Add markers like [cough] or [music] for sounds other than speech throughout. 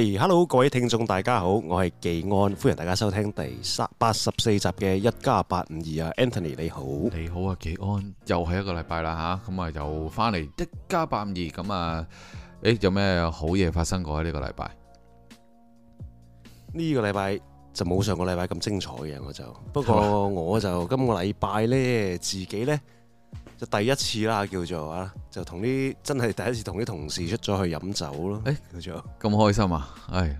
喂，Hello，各位聽眾大家好，我係紀安，歡迎大家收聽第八十四集嘅一加八五二啊，Anthony 你好。你好啊，紀安，又係一個禮拜啦吓，咁啊又翻嚟，一加八五二，咁啊，誒有咩好嘢發生過喺呢個禮拜？呢個禮拜就冇上個禮拜咁精彩嘅，我就不過我就今個禮拜呢自己呢。就第一次啦，叫做啊，就同啲真係第一次同啲同事出咗去飲酒咯。誒、欸，叫做咁開心啊！誒，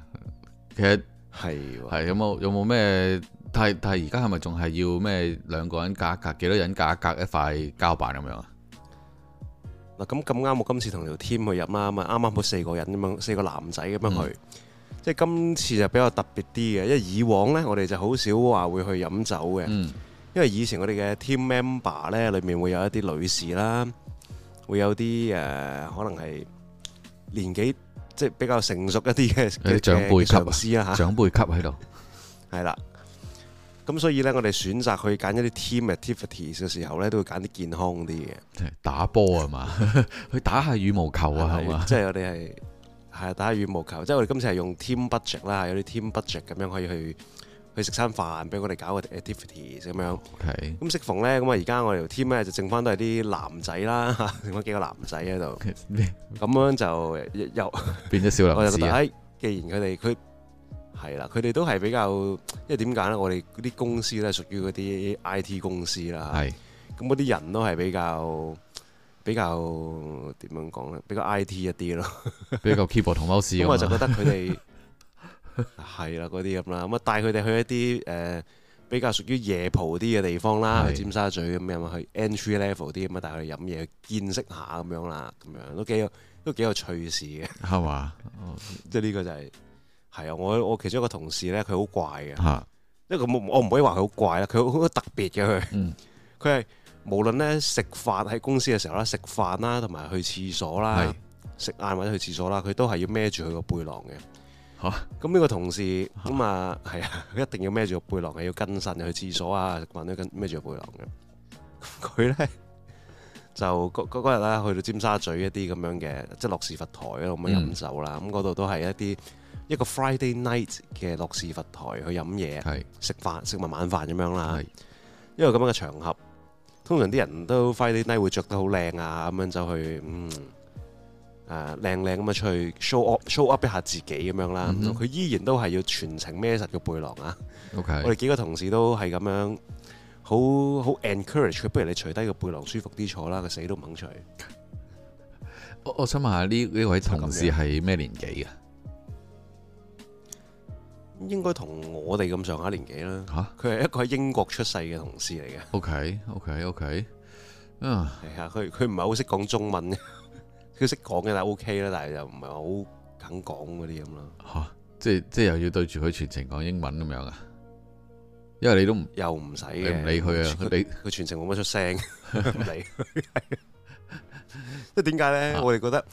其實係係、啊、有冇有冇咩？但係但係而家係咪仲係要咩兩個人價格幾多人價格,格,格,格一塊膠板咁樣啊？嗱、嗯，咁咁啱，我今次同條 team 去飲啦，啊啱啱好四個人咁樣，四個男仔咁樣去。嗯、即係今次就比較特別啲嘅，因為以往呢，我哋就好少話會去飲酒嘅。嗯因為以前我哋嘅 team member 咧，裏面會有一啲女士啦，會有啲誒、呃，可能係年紀即係比較成熟一啲嘅長輩級啊，吓試長輩級喺度，係啦。 [laughs] 咁所以咧，我哋選擇去揀一啲 team activities 嘅時候咧，都會揀啲健康啲嘅，打波啊嘛， [laughs] [laughs] 去打下羽毛球啊，係嘛對，即係 [laughs] 我哋係係打下羽毛球，即係我哋今次係用 team budget 啦，有啲 team budget 咁樣可以去。去食餐飯，俾佢哋搞個 activity 咁樣。咁適 Okay.、嗯、逢咧，咁啊而家我哋 team 咧就剩翻都係啲男仔啦，剩翻幾個男仔喺度。咁 [laughs] 樣就又變咗少男士。我就覺得，哎，既然佢哋，佢係啦，佢哋都係比較，因為點解咧？我哋嗰啲公司咧，屬於嗰啲 IT 公司啦。係是，咁嗰啲人都係比較比較點樣講咧？比較 IT 一啲咯，比一、 [laughs] 嗯，比較 keyboard 同 mouse。咁我就覺得佢哋。係 [laughs] 啦、 [laughs] 啊，嗰啲咁啦，咁啊帶佢哋去一啲誒、呃、比較屬於夜蒲啲嘅地方啦，去尖沙咀咁，又去 entry level 啲咁啊，帶佢哋飲嘢，見識下咁樣啦，咁樣都幾有都幾有趣事嘅，係嘛吧？即係呢個就係係啊！我我其中一個同事咧，佢好怪嘅，啊、因為我唔可以話佢好怪啦，佢好特別嘅佢，佢係、嗯、無論咧食飯喺公司嘅時候啦，食飯啦，同埋去廁所啦，食晏是或者去廁所啦，佢都係要孭住佢個背囊嘅。嚇！咁呢、啊、個同事咁啊，係啊，一定要孭住個背囊，係要跟身要去廁所啊，食飯都跟孭住個背囊嘅。佢 [laughs] 咧就嗰日咧去到尖沙咀一啲咁樣嘅，即係諾士佛臺度咁樣飲酒啦。咁嗰度都係一啲一個 Friday night 嘅諾士佛臺去飲嘢，係是食飯食埋晚飯咁樣啦。是因為咁樣嘅場合，通常啲人都 Friday night 會着得好靚啊，咁樣就去嗯。誒、啊、靚靚咁啊，出去 show up show up 一下自己咁樣啦。佢、mm hmm. 依然都係要全程孭實個背囊啊。Okay. 我哋幾個同事都係咁樣，好好 encourage 佢。不如你除低個背囊，舒服啲坐啦。佢死都唔肯除。我我想問下呢呢位同事係咩年紀、年紀啊？應該同我哋咁上下年紀啦。嚇！佢係一個喺英國出世嘅同事嚟嘅。OK OK OK 啊、uh.！係啊，佢佢唔係好識講中文嘅佢識講嘅，但 OK 啦，但係又唔係好肯講嗰啲咁咯。即係即係又要對住佢全程講英文咁樣啊？因為你都唔又唔使嘅，你唔理佢啊，佢他理全程冇乜出聲， [laughs] 理佢、 [laughs] 啊，即係點解咧？我哋覺得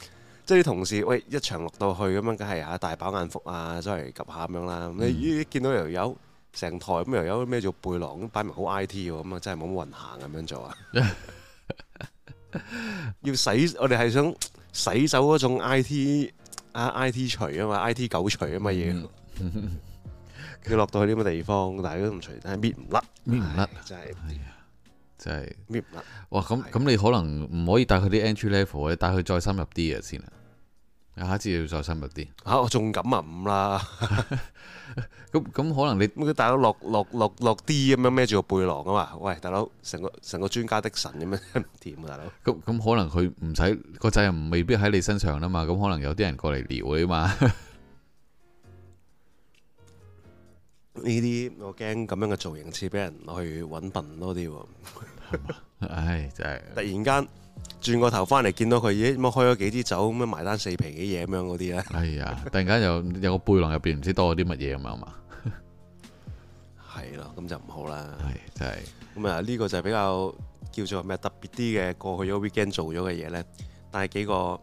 即係啲同事，喂，一場落到去咁樣，梗係啊，大飽眼福啊，周圍 𥄫 下咁樣啦。你、嗯、見到又有成台咁又有咩做背囊咁擺埋好 IT 喎，咁啊真係冇乜運行咁樣做啊！做 [laughs] [laughs] 要洗我哋係想。洗手嗰種 I T 啊 I T 除啊嘛 I T 九除啊嘛嘢，佢落到去啲乜地方，但係都唔除，但係搣唔甩，搣唔甩，哎、真係係啊，真係搣唔甩。哇，咁咁你可能唔可以帶佢啲 entry level 嘅，帶佢再深入啲嘅先啊。下次要再深入啲。嚇、啊，我仲敢啊五啦！咁 [laughs] 咁、 [laughs] 嗯、可能你大佬落落落落啲咁樣孭住個背囊啊嘛！喂，大佬，成個成個專家的神咁樣唔掂啊！大佬，咁咁、 [laughs] 嗯、可能佢唔使個掣，唔未必喺你身上啦嘛！咁、嗯、可能有啲人過嚟撩你啊嘛。呢 [laughs] 啲我驚咁樣嘅造型似俾人去揾笨多啲喎。唉，真係突然間。轉個頭翻嚟見到佢，咦，咁開咗幾支酒咁樣，埋單四皮幾嘅嘢咁樣嗰啲咧，係啊、哎呀， [laughs] 突然間有有個背囊入邊唔知多咗啲乜嘢咁樣啊嘛，係咯，咁 [laughs] 就唔好啦，係真係。咁啊呢個就係比較叫做咩特別啲嘅過去咗 weekend 做咗嘅嘢咧，但係幾個。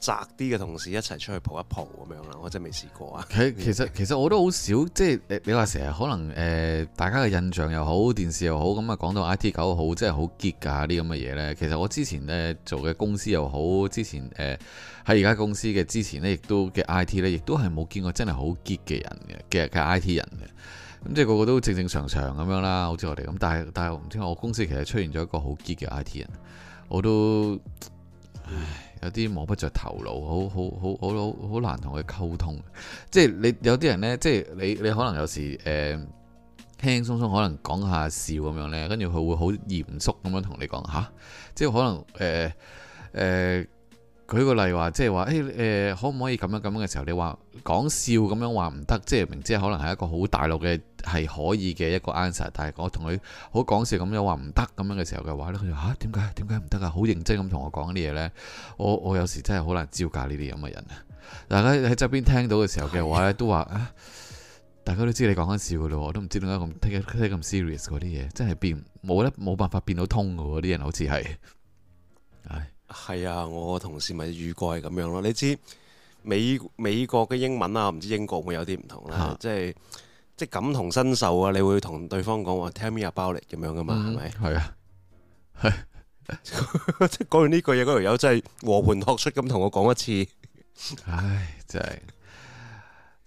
宅啲嘅同事一齊出去蒲一蒲咁樣啦，我真係未試過啊！其其實其實我都好少，即係你你話成日可能誒、呃，大家嘅印象又好，電視又好，咁啊講到 I T 九好即係好 geek 㗎啲咁嘅嘢呢。其實我之前呢做嘅公司又好，之前誒喺而家公司嘅之前呢，亦都嘅 I T 呢，亦都係冇見過真係好 geek 嘅人嘅，geek 嘅 I T 人嘅，咁即係個個都正正常常咁樣啦，好似我哋咁。但係但係我唔知，我公司其實出現咗一個好 geek 嘅 I T 人，我都，唉、嗯。有啲摸不着頭腦，好好好好好好難同佢溝通。即係你有啲人呢，即係你你可能有時誒輕、呃、輕鬆鬆可能講下笑咁樣呢，跟住佢會好嚴肅咁樣同你講吓？即係可能誒誒。呃呃舉個例話，即係話，誒、欸、誒、呃，可唔可以咁樣咁樣嘅時候，你話講笑咁樣話唔得，即係明知可能係一個好大陸嘅，係可以嘅一個 answer 但係我同佢好講笑咁樣話唔得咁樣嘅時候嘅話咧，佢就話嚇點解點解唔得啊？好、啊、認真咁同我講啲嘢咧，我我有時真係好難招架呢啲咁嘅人啊！大家喺側邊聽到嘅時候嘅話咧，的都話啊，大家都知你講緊笑嘅咯，我都唔知點解咁咁 serious 嗰啲嘢，真係變冇得冇辦法變到通嘅喎，啲人好似係，唉、哎。係啊，我同事咪預過咁樣咯。你知美美國嘅英文啊，唔知英國會有啲唔同咧、啊啊。即係即感同身受啊，你會同對方講話，tell me about it 咁樣噶嘛，係咪？係啊，係。即講完呢句嘢，嗰條友真係和盤托出咁同我講一次。唉，真係，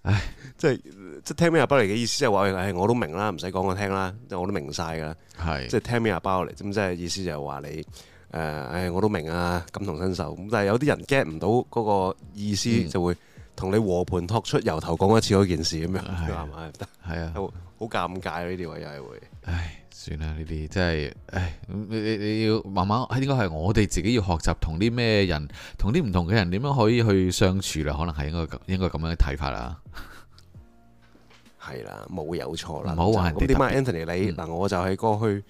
唉，即係即 tell me about it 嘅意思即係話，我都明啦，唔使講我聽啦，即我都明晒噶啦。係的，即、就是、tell me about it 咁，即係意思就係、是、話你。誒誒、uh，哎，我都明啊，感同身受。咁但係有啲人 get 唔到嗰個意思，嗯、就會同你和盤托出，由頭講一次嗰件事咁、嗯、樣，係啊，好尷 [laughs] 尬呢、啊、啲位又係會。唉、哎，算啦，呢啲真係唉，你你你要慢慢，應該係我哋自己要學習同啲咩人，同啲唔同嘅人點樣可以去相處啦。可能係應該咁，應該咁樣嘅睇法啦。係 [laughs] 啦、啊，冇有錯啦。唔好話咁點啊 Anthony 你嗱，我就係過去。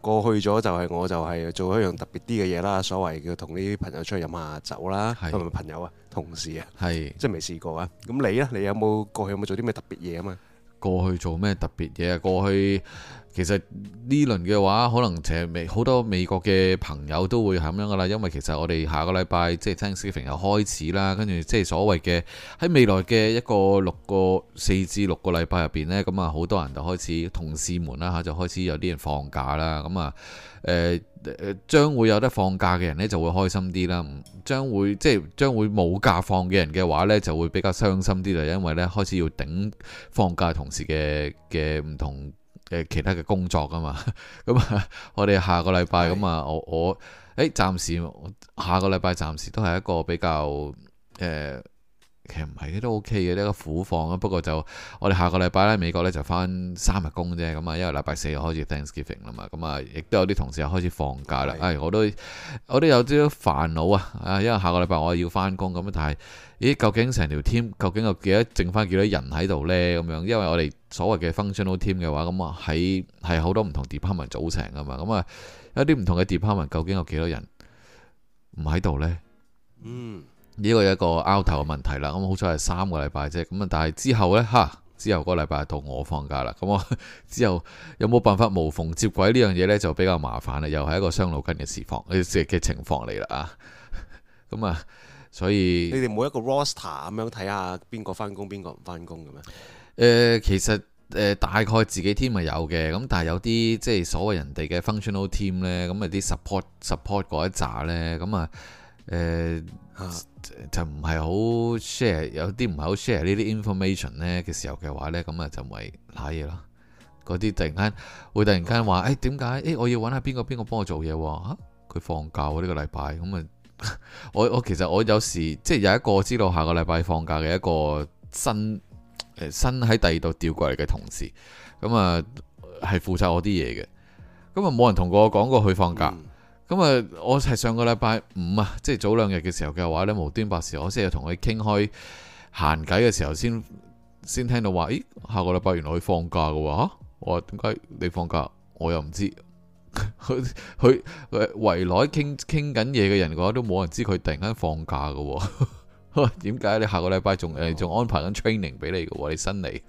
過去咗就係我就係做一樣特別啲嘅嘢啦，所謂叫同啲朋友出去飲下酒啦，係咪是朋友啊？同事啊，係即係未試過啊？咁你呢？你有冇過去有冇做啲咩特別嘢啊？嘛，過去做咩特別嘢啊？過去。其實呢輪嘅話，可能其實美好多美國嘅朋友都會係咁樣噶啦，因為其實我哋下個禮拜即係 Thanksgiving 又開始啦，跟住即係所謂嘅喺未來嘅一個六個四至六個禮拜入邊呢，咁啊，好多人就開始同事們啦嚇，就開始有啲人放假啦。咁啊，誒誒將會有得放假嘅人呢，就會開心啲啦，將會即係將會冇假放嘅人嘅話呢，就會比較傷心啲啦，因為呢，開始要頂放假同事嘅嘅唔同。誒其他嘅工作㗎嘛，咁 [laughs] 啊是，我哋、哎、下個禮拜咁啊，我我，誒暫時下個禮拜暫時都係一個比較誒。呃其實唔係嘅都 OK 嘅呢個苦況啊，不過就我哋下個禮拜咧，美國咧就翻三日工啫，咁啊，因為禮拜四又開始 Thanksgiving 啦嘛，咁啊，亦都有啲同事又開始放假啦，唉的、哎，我都我都有啲煩惱啊，啊，因為下個禮拜我要翻工咁但係咦，究竟成條 team 究竟有幾多剩翻幾多人喺度呢？咁樣，因為我哋所謂嘅 functional team 嘅話，咁啊喺係好多唔同 department 組成噶嘛，咁、嗯、啊有啲唔同嘅 department 究竟有幾多人唔喺度呢？嗯。呢個有一個 out 頭嘅問題啦，咁好彩係三個禮拜啫，咁啊，但係之後呢，嚇，之後個禮拜到我放假啦，咁我之後有冇辦法無縫接軌呢樣嘢呢？就比較麻煩啦，又係一個傷腦筋嘅事況嘅嘅情況嚟啦啊，咁啊，所以你哋每一個 roster 咁樣睇下邊個翻工，邊個唔翻工咁樣？誒、呃，其實誒、呃、大概自己 team 咪有嘅，咁但係有啲即係所謂人哋嘅 functional team 呢，咁啊啲 support support 嗰一紮呢？咁啊。誒、呃，就唔係好 share，有啲唔係好 share 呢啲 information 呢嘅時候嘅話呢，咁啊就唔係瀨嘢咯。嗰啲突然間會突然間話，誒，點解？誒、欸、我要揾下邊個邊個幫我做嘢喎、啊？佢、啊、放假喎呢個禮拜。咁啊，這個、 [laughs] 我我其實我有時即係有一個知道下個禮拜放假嘅一個新誒新喺第二度調過嚟嘅同事，咁啊係負責我啲嘢嘅，咁啊冇人同過我講過佢放假。嗯咁啊！我係上個禮拜五啊，即係早兩日嘅時候嘅話呢無端白事，我先係同佢傾開閒偈嘅時候，先先聽到話，咦？下個禮拜原來會放假噶吓、啊？我話點解你放假？我又唔知佢佢圍內傾傾緊嘢嘅人嘅話，都冇人知佢突然間放假噶。我話點解你下個禮拜仲仲安排緊 training 俾你噶、啊？你新嚟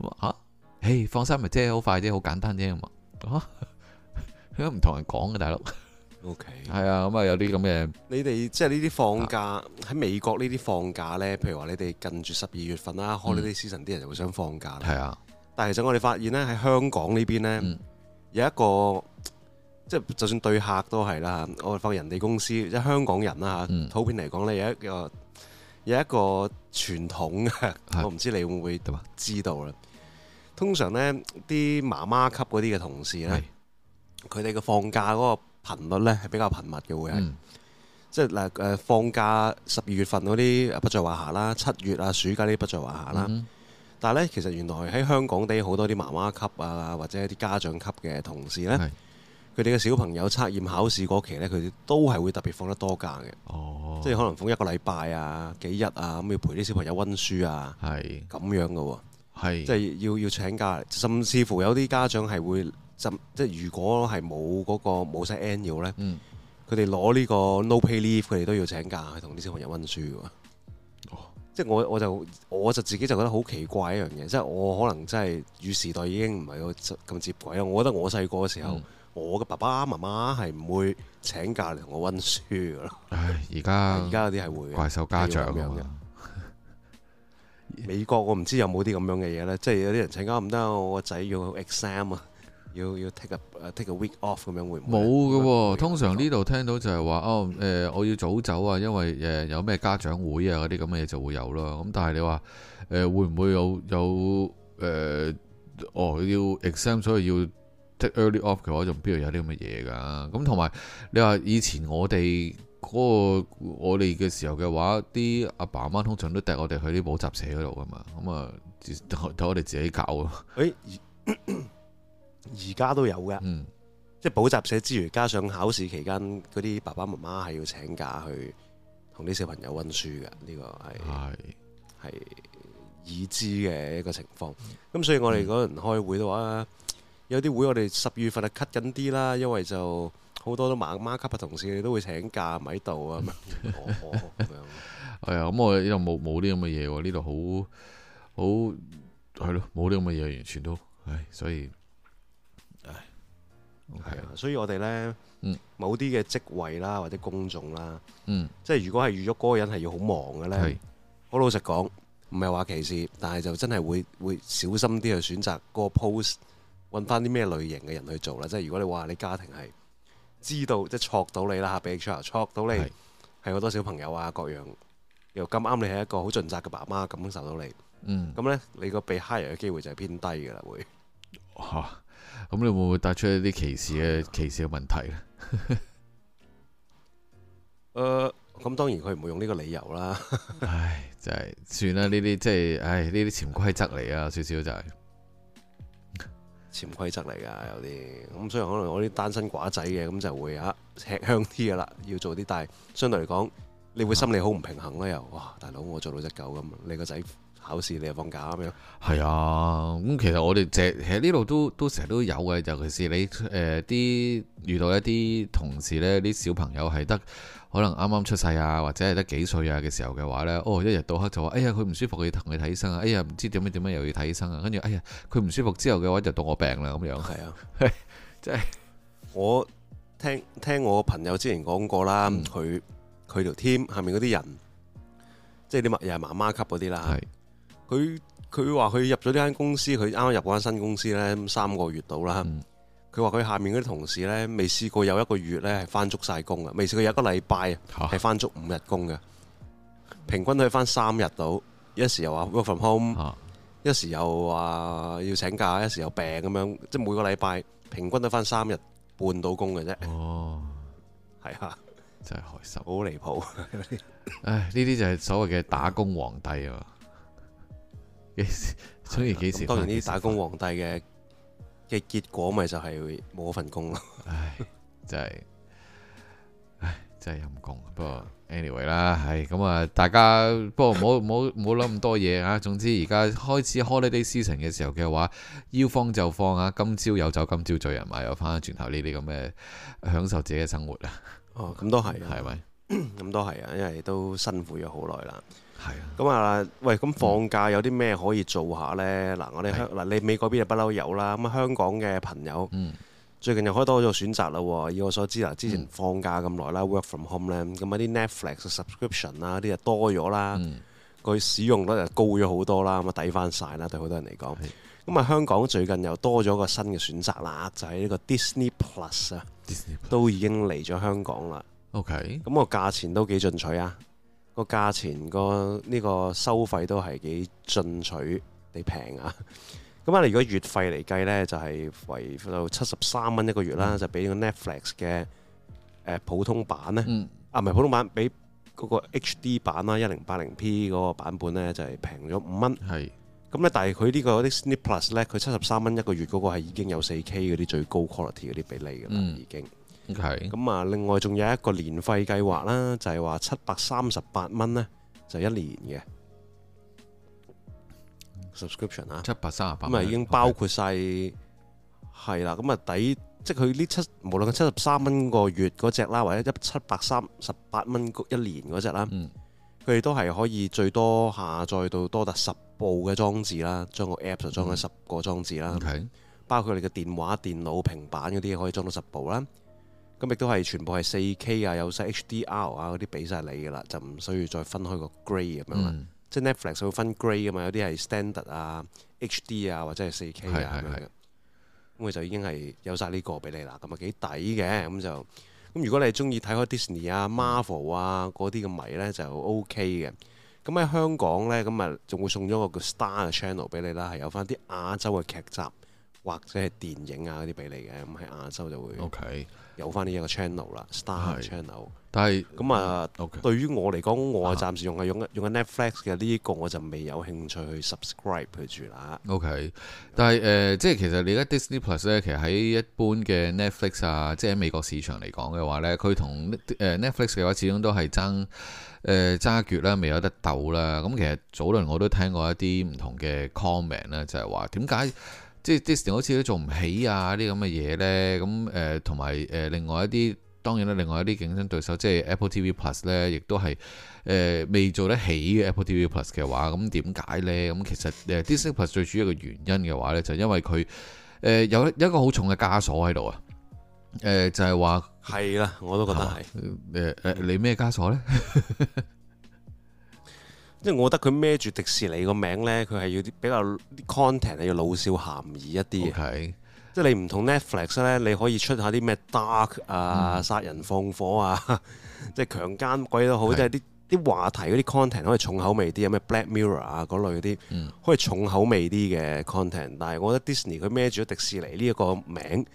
咁啊？嘿，放心啊，即係好快啫，好簡單啫嘛。吓，佢都唔同人講嘅，大佬。O K，係啊，咁 Okay, 啊，有啲咁嘅。你哋即係呢啲放假喺、啊、美國呢啲放假咧，譬如話你哋近住十二月份啦 Holiday Season 啲人就會想放假。係啊，但係其實我哋發現咧喺香港呢邊咧、嗯、有一個即係就算對客都係啦。我哋放人哋公司即係香港人啦嚇，普遍嚟講咧有一個有一個傳統、啊、我唔知你會唔會知道啦。啊、通常咧啲媽媽級嗰啲嘅同事咧，佢哋嘅放假嗰、嗰個。頻率咧係比較頻密嘅，會係、嗯，即係嗱誒放假十二月份嗰啲不在話下啦，七月啊暑假呢不在話下啦。嗯、但係咧，其實原來喺香港地好多啲媽媽級啊，或者一啲家長級嘅同事咧，佢哋嘅小朋友測驗考試嗰期咧，佢哋都係會特別放得多假嘅。哦，即係可能放一個禮拜啊，幾日啊，咁要陪啲小朋友溫書啊，係咁是樣噶喎，係即係要要請假，甚至乎有啲家長係會。即即如果係冇嗰個冇 set end 要咧，佢哋攞呢個 no pay leave，佢哋都要請假去同啲小朋友温書喎。哦，即我我就我就自己就覺得好奇怪一樣嘢，即我可能真係與時代已經唔係咁接軌啊！我覺得我細個嘅時候，嗯、我嘅爸爸媽媽係唔會請假嚟同我温書噶咯。唉、哎，而家而家啲係會怪獸家長咁、啊啊、樣。美國我唔知有冇啲咁樣嘅嘢咧，即有啲人請假唔得，我個仔要 exam 啊！要要 take a take a week off 咁樣會冇嘅喎，啊、會會通常呢度聽到就係話 [noise] 哦誒、呃，我要早走啊，因為誒、呃、有咩家長會啊嗰啲咁嘅嘢就會有啦。咁但係你話誒、呃、會唔會有有誒、呃、哦要 exam 所以要 take early off 嘅話，仲邊度有啲咁嘅嘢㗎？咁同埋你話以前我哋嗰、那個我哋嘅時候嘅話，啲阿爸阿媽，媽通常都揼我哋去啲補習社嗰度㗎嘛，咁啊，等我哋自己搞啊。 [laughs] 而家都有嘅，即係補習社之餘，加上考試期間嗰啲爸爸媽媽係要請假去同啲小朋友溫書嘅，呢、這個係係是已知嘅一個情況。咁所以我哋嗰日開會嘅話，有啲會我哋十月份啊 cut 緊啲啦，因為就好多都媽媽級嘅同事都會請假唔喺度啊，咁、 [laughs] 哦哦、樣係啊。咁、哎嗯、我呢度冇冇呢咁嘅嘢，呢度好好係咯，冇呢咁嘅嘢，完全都唉、哎，所以。係 Okay. 啊，所以我哋咧，嗯、某啲嘅職位啦或者工種啦，嗯、即係如果係遇咗嗰個人係要好忙嘅咧，好是老實講，唔係話歧視，但係就真係會會小心啲去選擇嗰個 post 揾翻啲咩類型嘅人去做啦。即係如果你話你家庭係知道即係撮到你啦，吓俾 HR 撮到你，係好是多小朋友啊，各樣又咁啱你係一個好盡責嘅爸媽，感受到你，嗯，咁咧你個被 hire 嘅機會就係偏低㗎啦，會，咁你會唔會答出一啲歧視嘅歧視嘅問題咧？誒、 [laughs] 呃，咁當然佢唔會用呢個理由啦。 [laughs] 唉，就係、是、算啦，呢啲即係，唉，呢啲潛規則嚟啊，少少就係潛規則嚟噶，有啲咁，所以可能我啲單身寡仔嘅，咁就會啊，吃香啲噶啦，要做啲，但係相對嚟講，你會心理好唔平衡啦。又哇，大佬我做到隻狗咁，你個仔。考試你又放假咁樣，係啊。咁其實我哋成喺呢度都都成日都有嘅，尤其是你誒啲遇到一啲同事呢，啲小朋友係得可能啱啱出世啊，或者係得幾歲啊嘅時候嘅話呢。哦，一日到黑就話，哎呀，佢唔舒服，要同佢睇醫生啊。哎呀，唔知點樣點樣又要睇醫生啊。跟住，哎呀，佢唔舒服之後嘅話就到我病啦咁樣。係啊，即係我聽聽我朋友之前講過啦，佢佢條 team 下面嗰啲人，即係啲媽又係媽媽級嗰啲啦。係。佢佢話佢入咗呢間公司，佢啱啱入嗰間新公司呢，三個月到啦。佢話佢下面嗰啲同事呢，未試過有一個月呢係翻足晒工嘅，未試過有一個禮拜係翻足五日工嘅，啊、平均都係翻三日到。一時又話 work from home，、啊、一時又話要請假，一時又病咁樣，即係每個禮拜平均都翻三日半到工嘅啫。哦，係啊，真係害手。好離譜。唉，呢 [laughs] 啲就係所謂嘅打工皇帝啊。幾時？所以幾時？當然呢啲打工皇帝嘅嘅 [laughs] 結果，咪就係冇份工咯。唉，真係唉，真係陰功。不過 anyway 啦，係咁啊，大家不過唔好唔好唔好諗咁多嘢。啊，總之而家開始 holiday season 嘅時候嘅話，要放就放啊。今朝有酒今朝醉啊嘛，又翻轉頭呢啲咁嘅享受自己嘅生活，哦、啊。哦 [laughs] 是，咁都係，係咪？咁都係啊，因為都辛苦咗好耐啦。係啊，咁啊，喂，咁放假有啲咩可以做下呢？嗱，我哋香嗱你美國邊就不嬲有啦，咁啊香港嘅朋友最近又開多咗選擇啦。以我所知啦，之前放假咁耐啦，work from home 咧，咁啲 Netflix subscription 啊，啲啊多咗啦，佢使用率就高咗好多啦，咁啊抵翻晒啦，對好多人嚟講。咁啊香港最近又多咗個新嘅選擇啦，就係呢個 Disney Plus 啊，Disney Plus 都已經嚟咗香港啦。OK，咁個價錢都幾進取啊。個價錢個呢個收費都係幾進取，你平啊！咁、嗯、啊，你、 [laughs] 嗯、如果月費嚟計呢，就係為到七十三蚊一個月啦，嗯、就比呢個 Netflix 嘅普通版呢。嗯、啊唔係普通版，比嗰個 HD 版啦，一零八零 P 嗰個版本是個呢，就係平咗五蚊。係咁呢，但係佢呢個 Disney Plus 咧，佢七十三蚊一個月嗰個係已經有四 K 嗰啲最高 quality 嗰啲比例㗎啦，嗯、已經。係，咁啊，另外仲有一個年費計劃啦，就係話七百三十八蚊呢，就一年嘅 subscription 啊，七百三十八咁啊，已經包括晒係啦，咁啊 okay. 抵，即係佢呢七，無論係七十三蚊個月嗰隻啦，或者一七百三十八蚊一年嗰隻啦，佢哋、嗯、都係可以最多下載到多達十部嘅裝置啦，將個 app 就裝咗十個裝置啦，Okay. 包括你嘅電話、電腦、平板嗰啲，可以裝到十部啦。咁亦都係全部係 4K 啊，有晒 HDR 啊嗰啲俾晒你噶啦，就唔需要再分開個 Grey 咁樣啦、嗯。即係 Netflix 會分 Grey 噶嘛，有啲係 Standard 啊、HD 啊或者係 4K 啊咁樣。咁佢就已經係有晒呢個俾你啦，咁啊幾抵嘅。咁就咁如果你中意睇開 Disney 啊、Marvel 啊嗰啲嘅迷呢，就 OK 嘅。咁喺香港呢，咁啊仲會送咗個叫 Star 嘅 Channel 俾你啦，係有翻啲亞洲嘅劇集。或者係電影啊嗰啲俾你嘅，咁喺亞洲就會有翻呢一個 channel 啦 Okay.，Star Channel。但係咁啊，Okay. 對於我嚟講，我暫時用係、啊、用緊用緊 Netflix 嘅呢個，我就未有興趣去 subscribe 佢住啦。OK，但係誒、呃，即係其實你而家 Disney Plus 咧，其實喺一般嘅 Netflix 啊，即係喺美國市場嚟講嘅話咧，佢同誒 Netflix 嘅話，話始終都係爭誒爭一決啦，未有得鬥啦。咁其實早輪我都聽過一啲唔同嘅 comment 咧，就係話點解？即係 Disney 好似都做唔起啊啲咁嘅嘢呢。咁誒同埋誒另外一啲，當然啦，另外一啲競爭對手，即係 Apple TV Plus 呢，亦都係誒未做得起嘅 Apple TV Plus 嘅話，咁點解呢？咁其實誒 Disney Plus 最主要嘅原因嘅話呢，就因為佢誒、呃、有一一個好重嘅枷鎖喺度啊，誒、呃、就係話係啦，我都覺得係誒，你咩枷鎖呢？ [laughs] 即係我覺得佢孭住迪士尼個名呢，佢係要啲比較啲 content 係要老少咸宜一啲嘅。Okay. 即係你唔同 Netflix 呢，你可以出下啲咩 dark 啊、嗯、殺人放火啊、即係強姦鬼都好，是即係啲啲話題嗰啲 content 可以重口味啲，有咩 Black Mirror 啊嗰類嗰啲，嗯、可以重口味啲嘅 content。但係我覺得 Disney 佢孭住咗迪士尼呢一個名，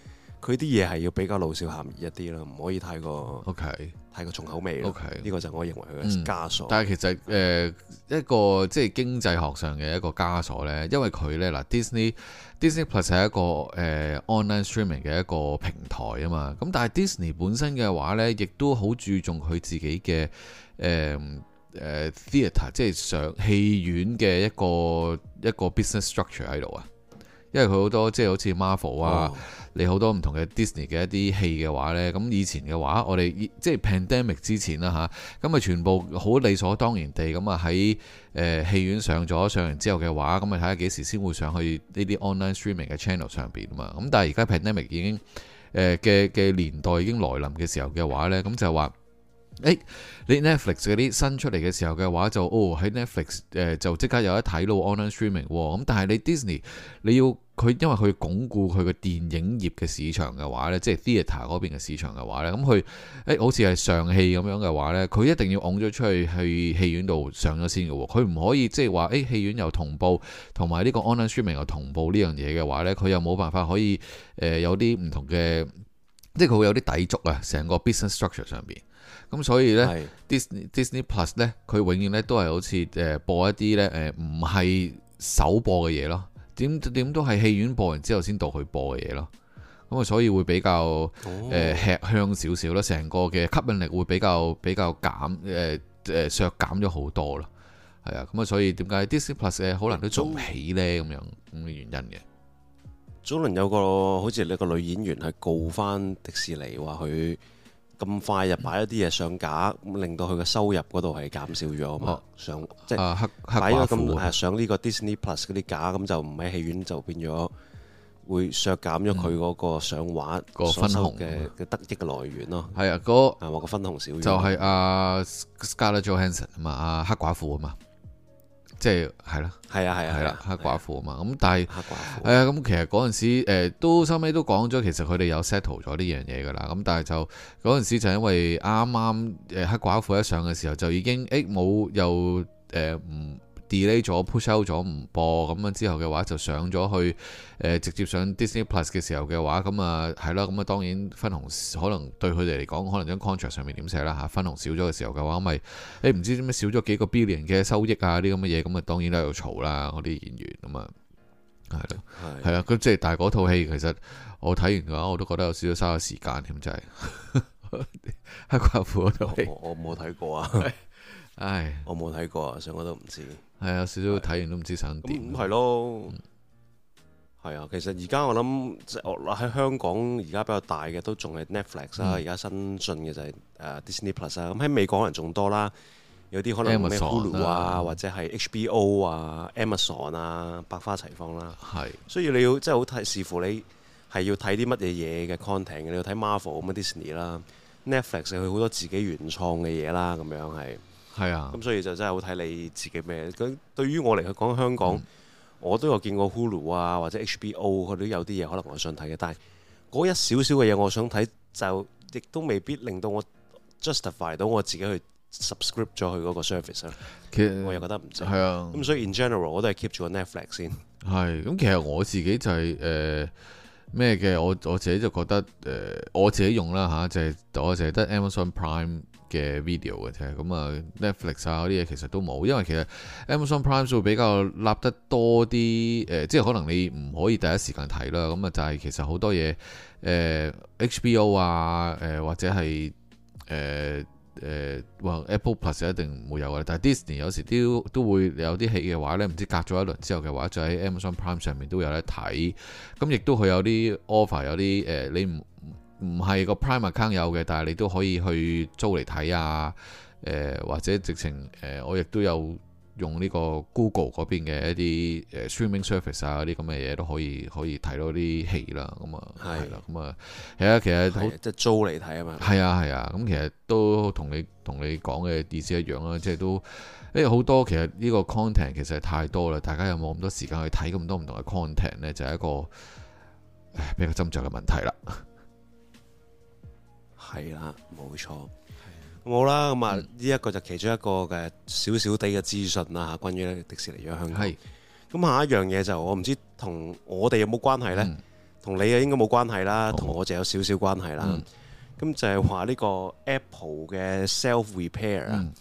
佢啲嘢係要比較老少咸宜一啲咯，唔可以太過。Okay. 係個重口味咯，呢 [noise] Okay. 個就我認為佢嘅枷鎖。嗯、但係其實誒、呃，一個即係經濟學上嘅一個枷鎖咧，因為佢咧嗱，Disney Disney Plus 係一個誒、呃、online streaming 嘅一個平台啊嘛。咁但係 Disney 本身嘅話咧，亦都好注重佢自己嘅誒誒、呃呃、theatre，即係上戲院嘅一個一個 business structure 喺度啊。因為佢好多即係好似 Marvel 啊，你好、oh. 多唔同嘅 Disney 嘅一啲戲嘅話呢。咁以前嘅話，我哋即係 Pandemic 之前啦吓，咁啊全部好理所當然地咁啊喺誒戲院上咗，上完之後嘅話，咁啊睇下幾時先會上去呢啲 online streaming 嘅 channel 上邊啊嘛，咁但係而家 Pandemic 已經誒嘅嘅年代已經來臨嘅時候嘅話呢，咁就話。誒、哎，你 Netflix 嗰啲新出嚟嘅時候嘅話就、哦 flix, 呃，就哦喺 Netflix 誒就即刻有一睇咯 on。Online streaming 咁、哦，但係你 Disney 你要佢，因為佢鞏固佢嘅電影業嘅市場嘅話咧，即係 theatre 嗰邊嘅市場嘅話咧，咁佢誒好似係上戲咁樣嘅話咧，佢一定要㧬咗出去去戲院度上咗先嘅。佢唔可以即係話誒戲院又同步同埋呢個 online streaming 又同步呢樣嘢嘅話咧，佢又冇辦法可以誒、呃、有啲唔同嘅，即係佢會有啲抵觸啊，成個 business structure 上邊。咁所以呢 Disney Disney Plus 咧，佢永遠咧都係好似誒播一啲咧誒唔係首播嘅嘢咯，點點都係戲院播完之後先到佢播嘅嘢咯。咁啊，所以會比較誒、哦呃、吃香少少啦，成個嘅吸引力會比較比較減誒、呃、削減咗好多咯。係啊，咁啊，所以點解 Disney Plus 咧可能都做唔起呢？咁樣咁嘅原因嘅？早輪有個好似你個女演員係告翻迪士尼話佢。咁快就擺一啲嘢上架，咁令到佢嘅收入嗰度係減少咗啊嘛，上、啊、即係擺咗咁誒上呢個 Disney Plus 嗰啲架，咁就唔喺戲院就變咗會削減咗佢嗰個上畫個分紅嘅得益嘅來源咯。係、嗯嗯、啊，哥啊，話個分紅少咗，就係阿 Scarlett Johansson 同埋阿、啊、黑寡婦啊嘛。即係係咯，係啊係啊，係啦、啊啊啊、黑寡婦啊嘛，咁、嗯、但係，係啊咁其實嗰陣時都收尾都講咗，其實佢哋、呃、有 settle 咗呢樣嘢噶啦，咁但係就嗰陣時就因為啱啱誒黑寡婦一上嘅時候，就已經誒冇、呃、又誒唔。呃 delay 咗，push out 咗，唔播咁樣，之後嘅話就上咗去，誒，直接上 Disney Plus 嘅時候嘅話，咁啊係咯，咁啊當然分紅可能對佢哋嚟講，可能張 contract 上面點寫啦吓，分紅少咗嘅時候嘅話，咪誒唔知點解少咗幾個 billion 嘅收益啊啲咁嘅嘢，咁啊當然喺度嘈啦，嗰啲演員啊嘛，係咯係係啊，咁即係但係嗰套戲其實我睇完嘅話，我都覺得有少少嘥咗時間，添就係黑寡婦嗰套戲，我冇睇過啊，唉 [laughs] 哼，我冇睇過啊，所以我都唔知。係啊，少少睇完都唔知想點、嗯。咁係咯，係啊、嗯。其實而家我諗即係我喺香港，而家比較大嘅都仲係 Netflix 啦、嗯。而家新進嘅就係、是、誒、呃、Disney Plus 啊。咁喺美國可能仲多啦，有啲可能咩 Hulu 啊，或者係 HBO 啊、Amazon 啊，百花齊放啦。係的，所以你要即係好睇視乎你係要睇啲乜嘢嘢嘅 content，你要睇 Marvel 咁嘅 Disney 啦、啊、，Netflix 佢、啊、好多自己原創嘅嘢啦，咁、啊、樣係。係啊，咁所以就真係好睇你自己咩？咁對於我嚟講，香港、嗯、我都有見過 Hulu 啊，或者 HBO，佢都有啲嘢可能我想睇嘅，但係嗰一少少嘅嘢我想睇，就亦都未必令到我 justify 到我自己去 subscribe 咗佢嗰個 service 啦。其實我又覺得唔正，啊，咁所以 in general 我都係 keep 住個 Netflix 先。係，咁其實我自己就係誒咩嘅，我我自己就覺得誒、呃、我自己用啦吓、啊，就係、是、我淨係得 Amazon Prime。嘅 video 嘅啫，咁、嗯、Net 啊 Netflix 啊嗰啲嘢其實都冇，因為其實 Amazon Prime 會比較立得多啲，誒、呃，即係可能你唔可以第一時間睇啦，咁、嗯、啊就係、是、其實好多嘢，誒、呃、HBO 啊，誒、呃，或者係誒誒 Apple Plus 一定唔會有嘅，但係 Disney 有時都都會有啲戲嘅話咧，唔知隔咗一輪之後嘅話，就喺 Amazon Prime 上面都、嗯、都會有得睇、er，咁亦都佢有啲 offer，有啲誒你唔。唔係個 prime account 有嘅，但係你都可以去租嚟睇啊！誒、呃、或者直情誒、呃，我亦都有用呢個 Google 嗰邊嘅一啲誒、呃、streaming service 啊，嗰啲咁嘅嘢都可以可以睇到啲戲啦。咁啊係啦，咁啊係啊，其實好即係租嚟睇啊嘛。係啊係啊，咁、嗯、其實都同你同你講嘅意思一樣啦，即、就、係、是、都誒好、欸、多其實呢個 content 其實係太多啦，大家有冇咁多時間去睇咁多唔同嘅 content 呢？就係、是、一個比較斟酌嘅問題啦。係啦，冇錯。咁的好啦吧，咁啊呢一個就其中一個嘅少少啲嘅資訊啦，吓關於迪士尼嘅香港。係咁的、嗯，下一樣嘢就是、我唔知同我哋有冇關係呢？同、嗯、你啊應該冇關係啦，同的我就有少少關係啦。咁、嗯、就係話呢個 Apple 嘅 Self Repair 啊、嗯，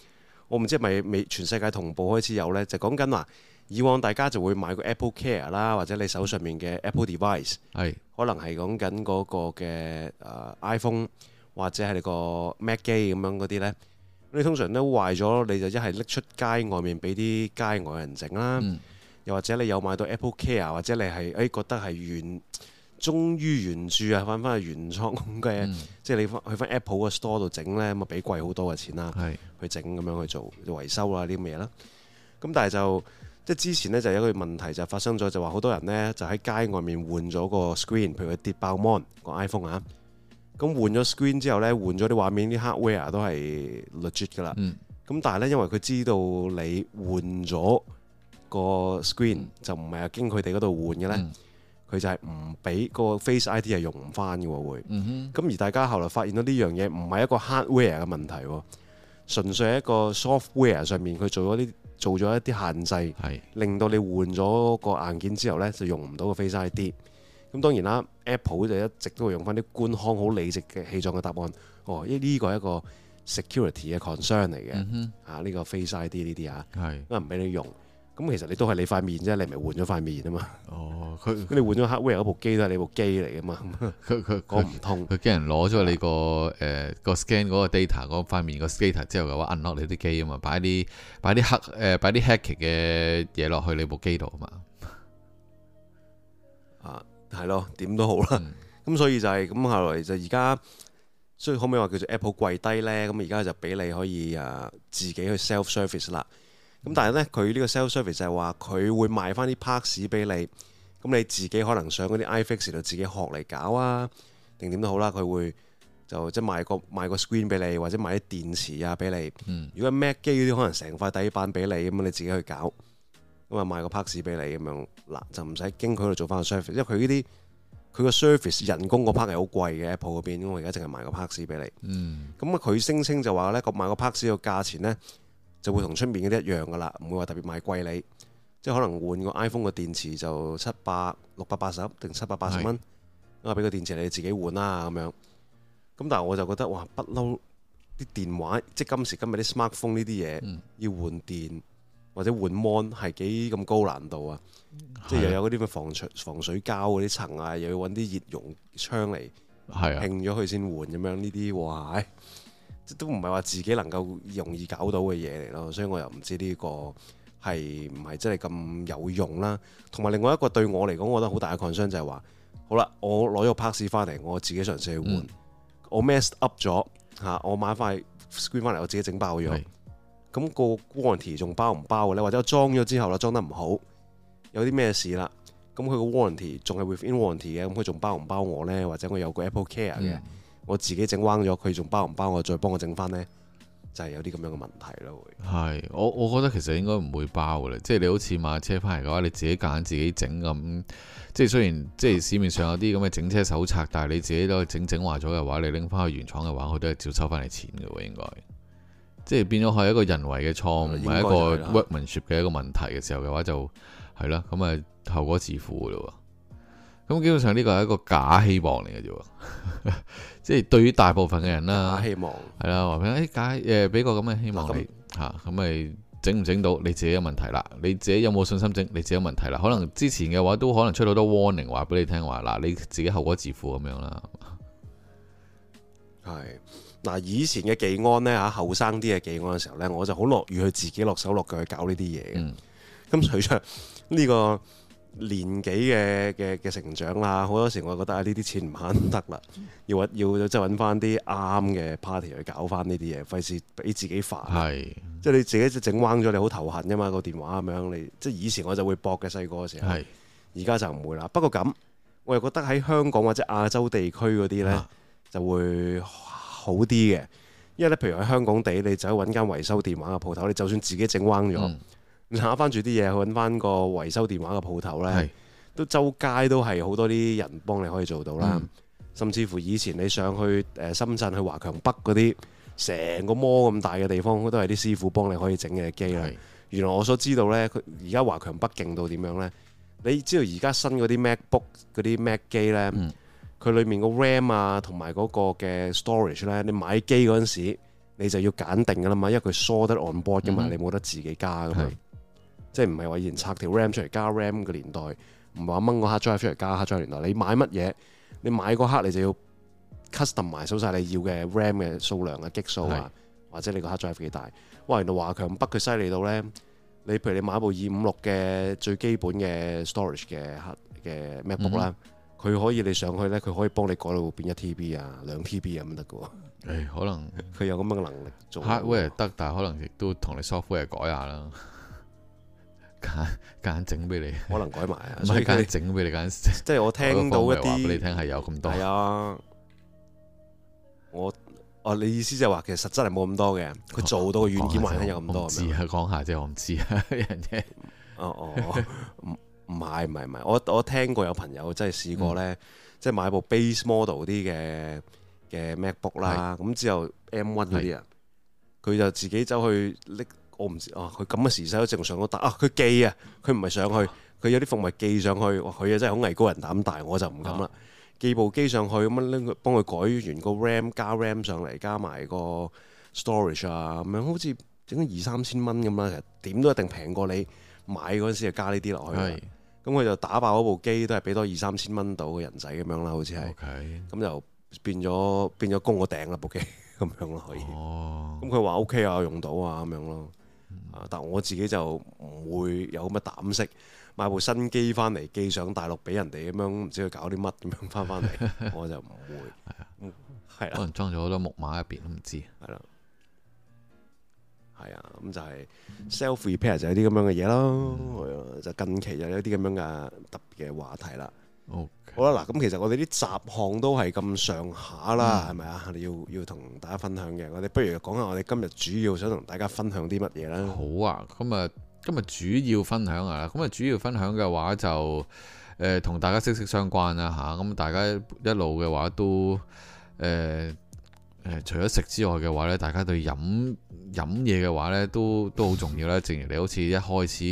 我唔知係咪未全世界同步開始有呢？就講緊話以往大家就會買個 Apple Care 啦，或者你手上面嘅 Apple Device 係、嗯，可能係講緊嗰個嘅誒 iPhone。或者係你個 Mac 機咁樣嗰啲呢，你通常都壞咗，你就一係拎出街外面俾啲街外人整啦，嗯、又或者你有買到 Apple Care，或者你係誒、哎、覺得係原終於原著啊，揾翻去原廠嘅，嗯、即係你去翻 Apple 個 store 度整呢，咁啊俾貴好多嘅錢啦，是去整咁樣去做維修啊啲咁嘢啦。咁但係就即係之前呢，就有一個問題就發生咗，就話好多人呢，就喺街外面換咗個 screen，譬如佢跌爆 mon 個 iPhone 啊。咁換咗 screen 之後咧，換咗啲畫面啲 hardware 都係 legit 噶啦。咁、嗯、但係咧，因為佢知道你換咗個 screen，、嗯、就唔係阿經佢哋嗰度換嘅咧，佢、嗯、就係唔俾個 face ID 係用唔翻嘅喎會。咁、嗯、哼而大家後來發現到呢樣嘢唔係一個 hardware 嘅問題，純粹係一個 software 上面佢做咗啲做咗一啲限制，是令到你換咗個硬件之後呢就用唔到個 face ID。咁當然啦，Apple 就一直都會用翻啲官腔好理直嘅氣壯嘅答案。哦，依呢個係一個 security 嘅 concern 嚟嘅。嗯、哼啊，呢、呢個 face ID 呢啲是啊，係，唔俾你用。咁、嗯、其實你都係你塊面啫，你咪換咗塊面啊嘛。哦，佢 [laughs] 你換咗 hardware 嗰部機都係你部機嚟啊嘛。佢佢講唔通，佢驚人攞咗你、啊 uh, ata, 個誒、嗰個 scan 嗰個 data 嗰塊面個 data 之後嘅話，unlock 你啲機啊嘛，擺啲擺啲 hack 誒擺啲 hack 嘅嘢落去你部機度啊嘛。啊！ [laughs] [laughs] 係咯，點都好啦。咁、嗯、所以就係咁，後來就而家，所以可唔可以話叫做 Apple 跪低呢？咁而家就俾你可以誒自己去 self service 啦。咁但係呢，佢呢個 self service 就係話佢會賣翻啲 parts 俾你，咁你自己可能上嗰啲 iFixit 度自己學嚟搞啊，定點都好啦。佢會就即係賣個賣個 screen 俾你，或者賣啲電池啊俾你。嗯、如果 Mac 機嗰啲可能成塊底板俾你，咁你自己去搞。咁啊，賣個 pass 俾你咁樣，嗱就唔使經佢度做翻個 service，因為佢呢啲佢個 service 人工個 pack 係好貴嘅 Apple 嗰邊，咁我而家淨係賣個 pass 俾你。嗯，咁啊，佢聲稱就話呢個買個 pass 個價錢呢，就會同出面嗰啲一樣噶啦，唔會話特別賣貴你，即係可能換個 iPhone 個電池就七百六百八十定七百八十蚊，咁啊俾個電池你自己換啦咁樣。咁但係我就覺得哇，不嬲啲電話，即係今時今日啲 smartphone 呢啲嘢、嗯、要換電。或者換 mon 係幾咁高難度啊？啊即係又有嗰啲咩防水防水膠嗰啲層啊，啊又要揾啲熱熔槍嚟拼咗佢先換咁樣呢啲，哇！即都唔係話自己能夠容易搞到嘅嘢嚟咯，所以我又唔知呢個係唔係真係咁有用啦。同埋另外一個對我嚟講，我覺得好大嘅 concern 就係話：好啦，我攞咗個 patch 翻嚟，我自己嘗試去換，嗯、我 mess up 咗嚇，我買塊 screen 翻嚟，我自己整爆咗。咁個 warranty 仲包唔包嘅咧？或者我裝咗之後啦，裝得唔好，有啲咩事啦？咁佢個 warranty 仲係 within warranty 嘅 with，咁佢仲包唔包我咧？或者我有個 Apple Care 嘅，嗯、我自己整彎咗，佢仲包唔包我？再幫我整翻咧，就係、是、有啲咁樣嘅問題咯。會係我我覺得其實應該唔會包嘅咧，即係你好似買車翻嚟嘅話，你自己揀自己整咁，即係雖然即係市面上有啲咁嘅整車手冊，但係你自己都整整壞咗嘅話，你拎翻去原廠嘅話，佢都係照收翻嚟錢嘅喎，應該。即係變咗係一個人為嘅錯誤，唔係一個 workmanship 嘅一個問題嘅時候嘅話就，就係咯，咁啊後果自負嘅咯。咁基本上呢個係一個假希望嚟嘅啫。 [laughs] 即係對於大部分嘅人啦，希望係啦，話俾你，誒、欸，假誒，俾、欸、個咁嘅希望你吓，咁咪整唔整到你自己嘅問題啦？你自己有冇信心整你自己嘅問題啦？可能之前嘅話都可能出到多 warning 話俾你聽，話嗱、啊、你自己後果自負咁樣啦。係。嗱，以前嘅技安呢，嚇、啊，後生啲嘅技安嘅時候呢，我就好樂意去自己落手落腳去搞呢啲嘢。咁隨着呢個年紀嘅嘅嘅成長啦，好多時我覺得啊，呢啲錢唔慳得啦，要揾要即係揾翻啲啱嘅 party 去搞翻呢啲嘢，費事俾自己煩。是即係你自己整彎咗，你好頭痕啊嘛、個電話咁樣，你即係以前我就會搏嘅細個嘅時候，而家是就唔會啦。不過咁，我又覺得喺香港或者亞洲地區嗰啲呢，就會、啊。 [laughs] 好啲嘅，因為咧，譬如喺香港地，你走去揾間維修電話嘅鋪頭，你就算自己整彎咗，揦翻住啲嘢去揾翻個維修電話嘅鋪頭咧，是的 都周街都係好多啲人幫你可以做到啦。嗯、甚至乎以前你上去誒深圳去華強北嗰啲，成個摩咁大嘅地方都係啲師傅幫你可以整嘅機啦。是的 原來我所知道咧，佢而家華強北勁到點樣咧？你知道而家新嗰啲 MacBook 嗰啲 Mac 機咧？嗯佢裏面個 RAM 啊，同埋嗰個嘅 storage 咧，你買機嗰陣時，你就要揀定㗎啦嘛，因為佢疏得 onboard 嘅嘛，嗯、哼你冇得自己加㗎嘛。的即係唔係話以前拆條 RAM 出嚟加 RAM 嘅年代，唔係話掹個 hard drive 出嚟加 hard drive 年代。你買乜嘢？你買嗰刻你就要 custom 埋所晒你要嘅 RAM 嘅數量啊、gig 數啊，的或者你個 hard drive 幾大。哇！原來華強北佢犀利到咧，你譬如你買部二五六嘅最基本嘅 storage 嘅 hard 嘅 MacBook 啦。嗯佢可以你上去咧，佢可以幫你改到變一 TB 啊，兩 TB 啊咁得嘅。可能佢有咁樣嘅能力做。喂，得，但係可能亦都同你 software 改下啦。間間整俾你，可能改埋啊。咪間整俾你間，即係我聽到一啲話俾你聽係有咁多。係啊，我哦，你意思就係話其實實質係冇咁多嘅。佢做到嘅軟件還係有咁多。唔知啊，講下啫。我唔知啊，人哋。哦哦。唔係唔係唔係，我我聽過有朋友真係試過呢，嗯、即係買部 base model 啲嘅嘅 MacBook 啦是，咁之後 M1 嗰啲人，佢是就自己走去拎。我唔知哦，佢咁嘅時勢都正常都得。啊，佢寄啊，佢唔係上去，佢、啊、有啲服務寄上去，佢啊真係好危高人膽大，我就唔敢啦，啊、寄部機上去咁拎佢幫佢改完個 RAM 加 RAM 上嚟，加埋個 storage 啊，咁樣好似整咗二三千蚊咁啦，其實點都一定平過你買嗰陣時就加呢啲落去。的對咁佢、嗯、就打爆部機，都係俾多二三千蚊到嘅人仔咁樣啦，好似係。咁 Okay. 就變咗變咗供我頂啦，部機咁樣咯，可以。咁佢話 OK 啊，用到啊咁樣咯。但我自己就唔會有咁嘅膽識買部新機翻嚟寄上大陸俾人哋咁樣，唔知佢搞啲乜咁樣翻翻嚟，我就唔會係啊，係啦、 [laughs] 嗯，可能裝咗好多木馬入邊都唔知，係咯。係啊，咁就係 self repair 就係啲咁樣嘅嘢咯、嗯啊。就近期有一啲咁樣嘅特別嘅話題啦。Okay, 好啦，嗱，咁其實我哋啲雜項都係咁上下啦，係咪？嗯、啊？要要同大家分享嘅，我哋不如講下我哋今日主要想同大家分享啲乜嘢啦。好啊，咁啊，今日主要分享啊，咁啊，主要分享嘅話就誒同、呃、大家息息相關啦、啊、吓，咁、啊、大家一路嘅話都誒誒、呃，除咗食之外嘅話咧，大家對飲。飲嘢嘅話呢都都好重要啦。正如你好似一開始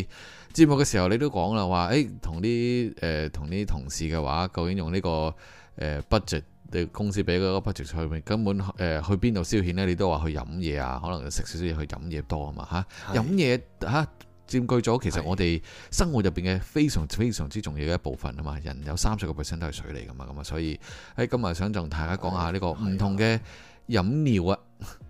節目嘅時候，你都講啦，話誒，同啲誒，同啲、呃、同事嘅話，究竟用呢、這個誒、呃、budget，你公司俾嗰個 budget 去，根本誒去邊度消遣呢？你都話去飲嘢啊，可能食少少嘢，去飲嘢多嘛啊嘛吓。飲嘢吓，佔、啊、據咗其實我哋生活入邊嘅非常非常之重要嘅一部分啊嘛。是的 人有三十個 percent 都係水嚟噶嘛，咁啊，所以誒、哎，今日想同大家講下呢個唔同嘅飲料啊。 [laughs]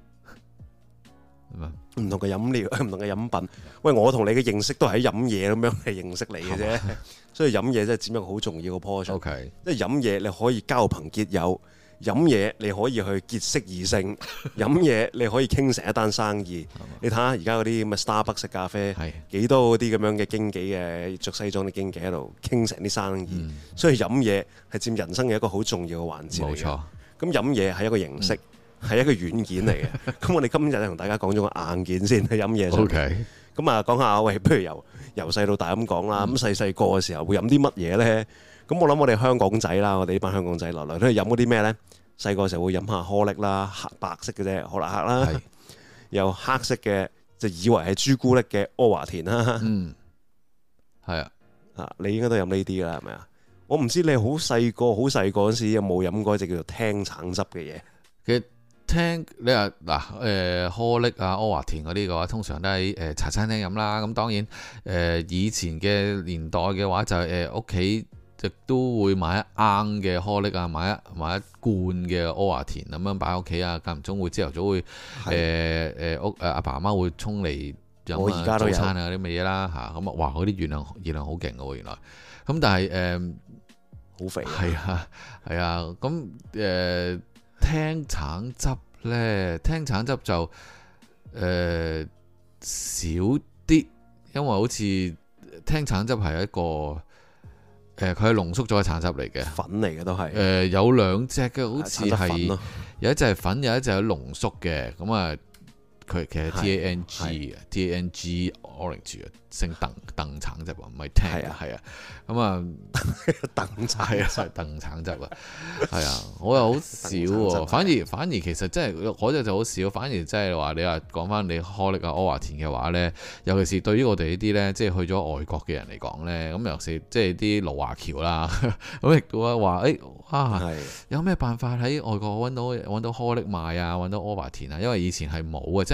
唔同嘅飲料，唔同嘅飲品。嗎喂，我同你嘅認識都係喺飲嘢咁樣嚟認識你嘅啫。嗎所以飲嘢真係佔一個好重要嘅 portion。即係飲嘢你可以交朋結友，飲嘢你可以去結識異性， [laughs] 飲嘢你可以傾成一單生意。嗎你睇下而家嗰啲咁嘅 Starbucks 咖啡，幾嗎多嗰啲咁樣嘅經紀嘅着西裝啲經紀喺度傾成啲生意。嗎所以飲嘢係佔人生嘅一個好重要嘅環節。冇錯，咁飲嘢係一個形式。嗯係一個軟件嚟嘅，咁、嗯、 [laughs] 我哋今日同大家講咗個硬件先，飲嘢。先 Okay.。k 咁啊，講下喂，不如由由細到大咁講啦。咁細細個嘅時候會飲啲乜嘢呢？咁我諗我哋香港仔啦，我哋呢班香港仔來來都係飲嗰啲咩呢？細個嘅時候會飲下好立克啦，黑白色嘅啫，好立克啦，由是黑色嘅就以為係朱古力嘅阿華田啦。係、嗯、啊， [laughs] 你應該都飲呢啲噶啦，係咪啊？我唔知你好細個好細個嗰時有冇飲過一隻叫做聽橙汁嘅嘢。聽你話嗱，誒好立克、阿華田嗰啲嘅話，通常都喺誒、呃、茶餐廳飲啦。咁當然誒、呃、以前嘅年代嘅話，就係誒屋企亦都會買一罌嘅好立克，買一買一罐嘅阿華田。咁樣擺喺屋企啊。間唔中會朝頭早會誒誒屋阿爸阿媽會沖嚟飲啊，早餐啊啲乜嘢啦嚇。咁啊，哇、嗯！啲熱量熱量好勁嘅原來。咁但係誒好肥啊。啊係啊，咁誒。聽橙汁呢？聽橙汁就誒、呃、少啲，因為好似聽橙汁係一個佢係濃縮咗嘅橙汁嚟嘅，粉嚟嘅都係，誒、呃、有兩隻嘅，好似係、啊、有一隻係粉，有一隻係濃縮嘅，咁啊。佢其實 T A N G 嘅的 T A N G orange 啊，姓鄧鄧橙汁喎，唔係 Tank 啊，係啊，咁啊鄧橙係啊，鄧橙汁啊，係啊的，我又好少喎，反而反而，反而其實，、嗯、其實真係嗰隻就好少，反而真係話你話講翻你 Holic 開啲個阿華田嘅話咧，尤其是對於我哋呢啲咧，即、就、係、是、去咗外國嘅人嚟講咧，咁尤其即係啲老華僑啦，咁亦都話誒啊，有咩辦法喺外國揾到揾到好立克賣啊，揾到阿華田啊？因為以前係冇嘅，即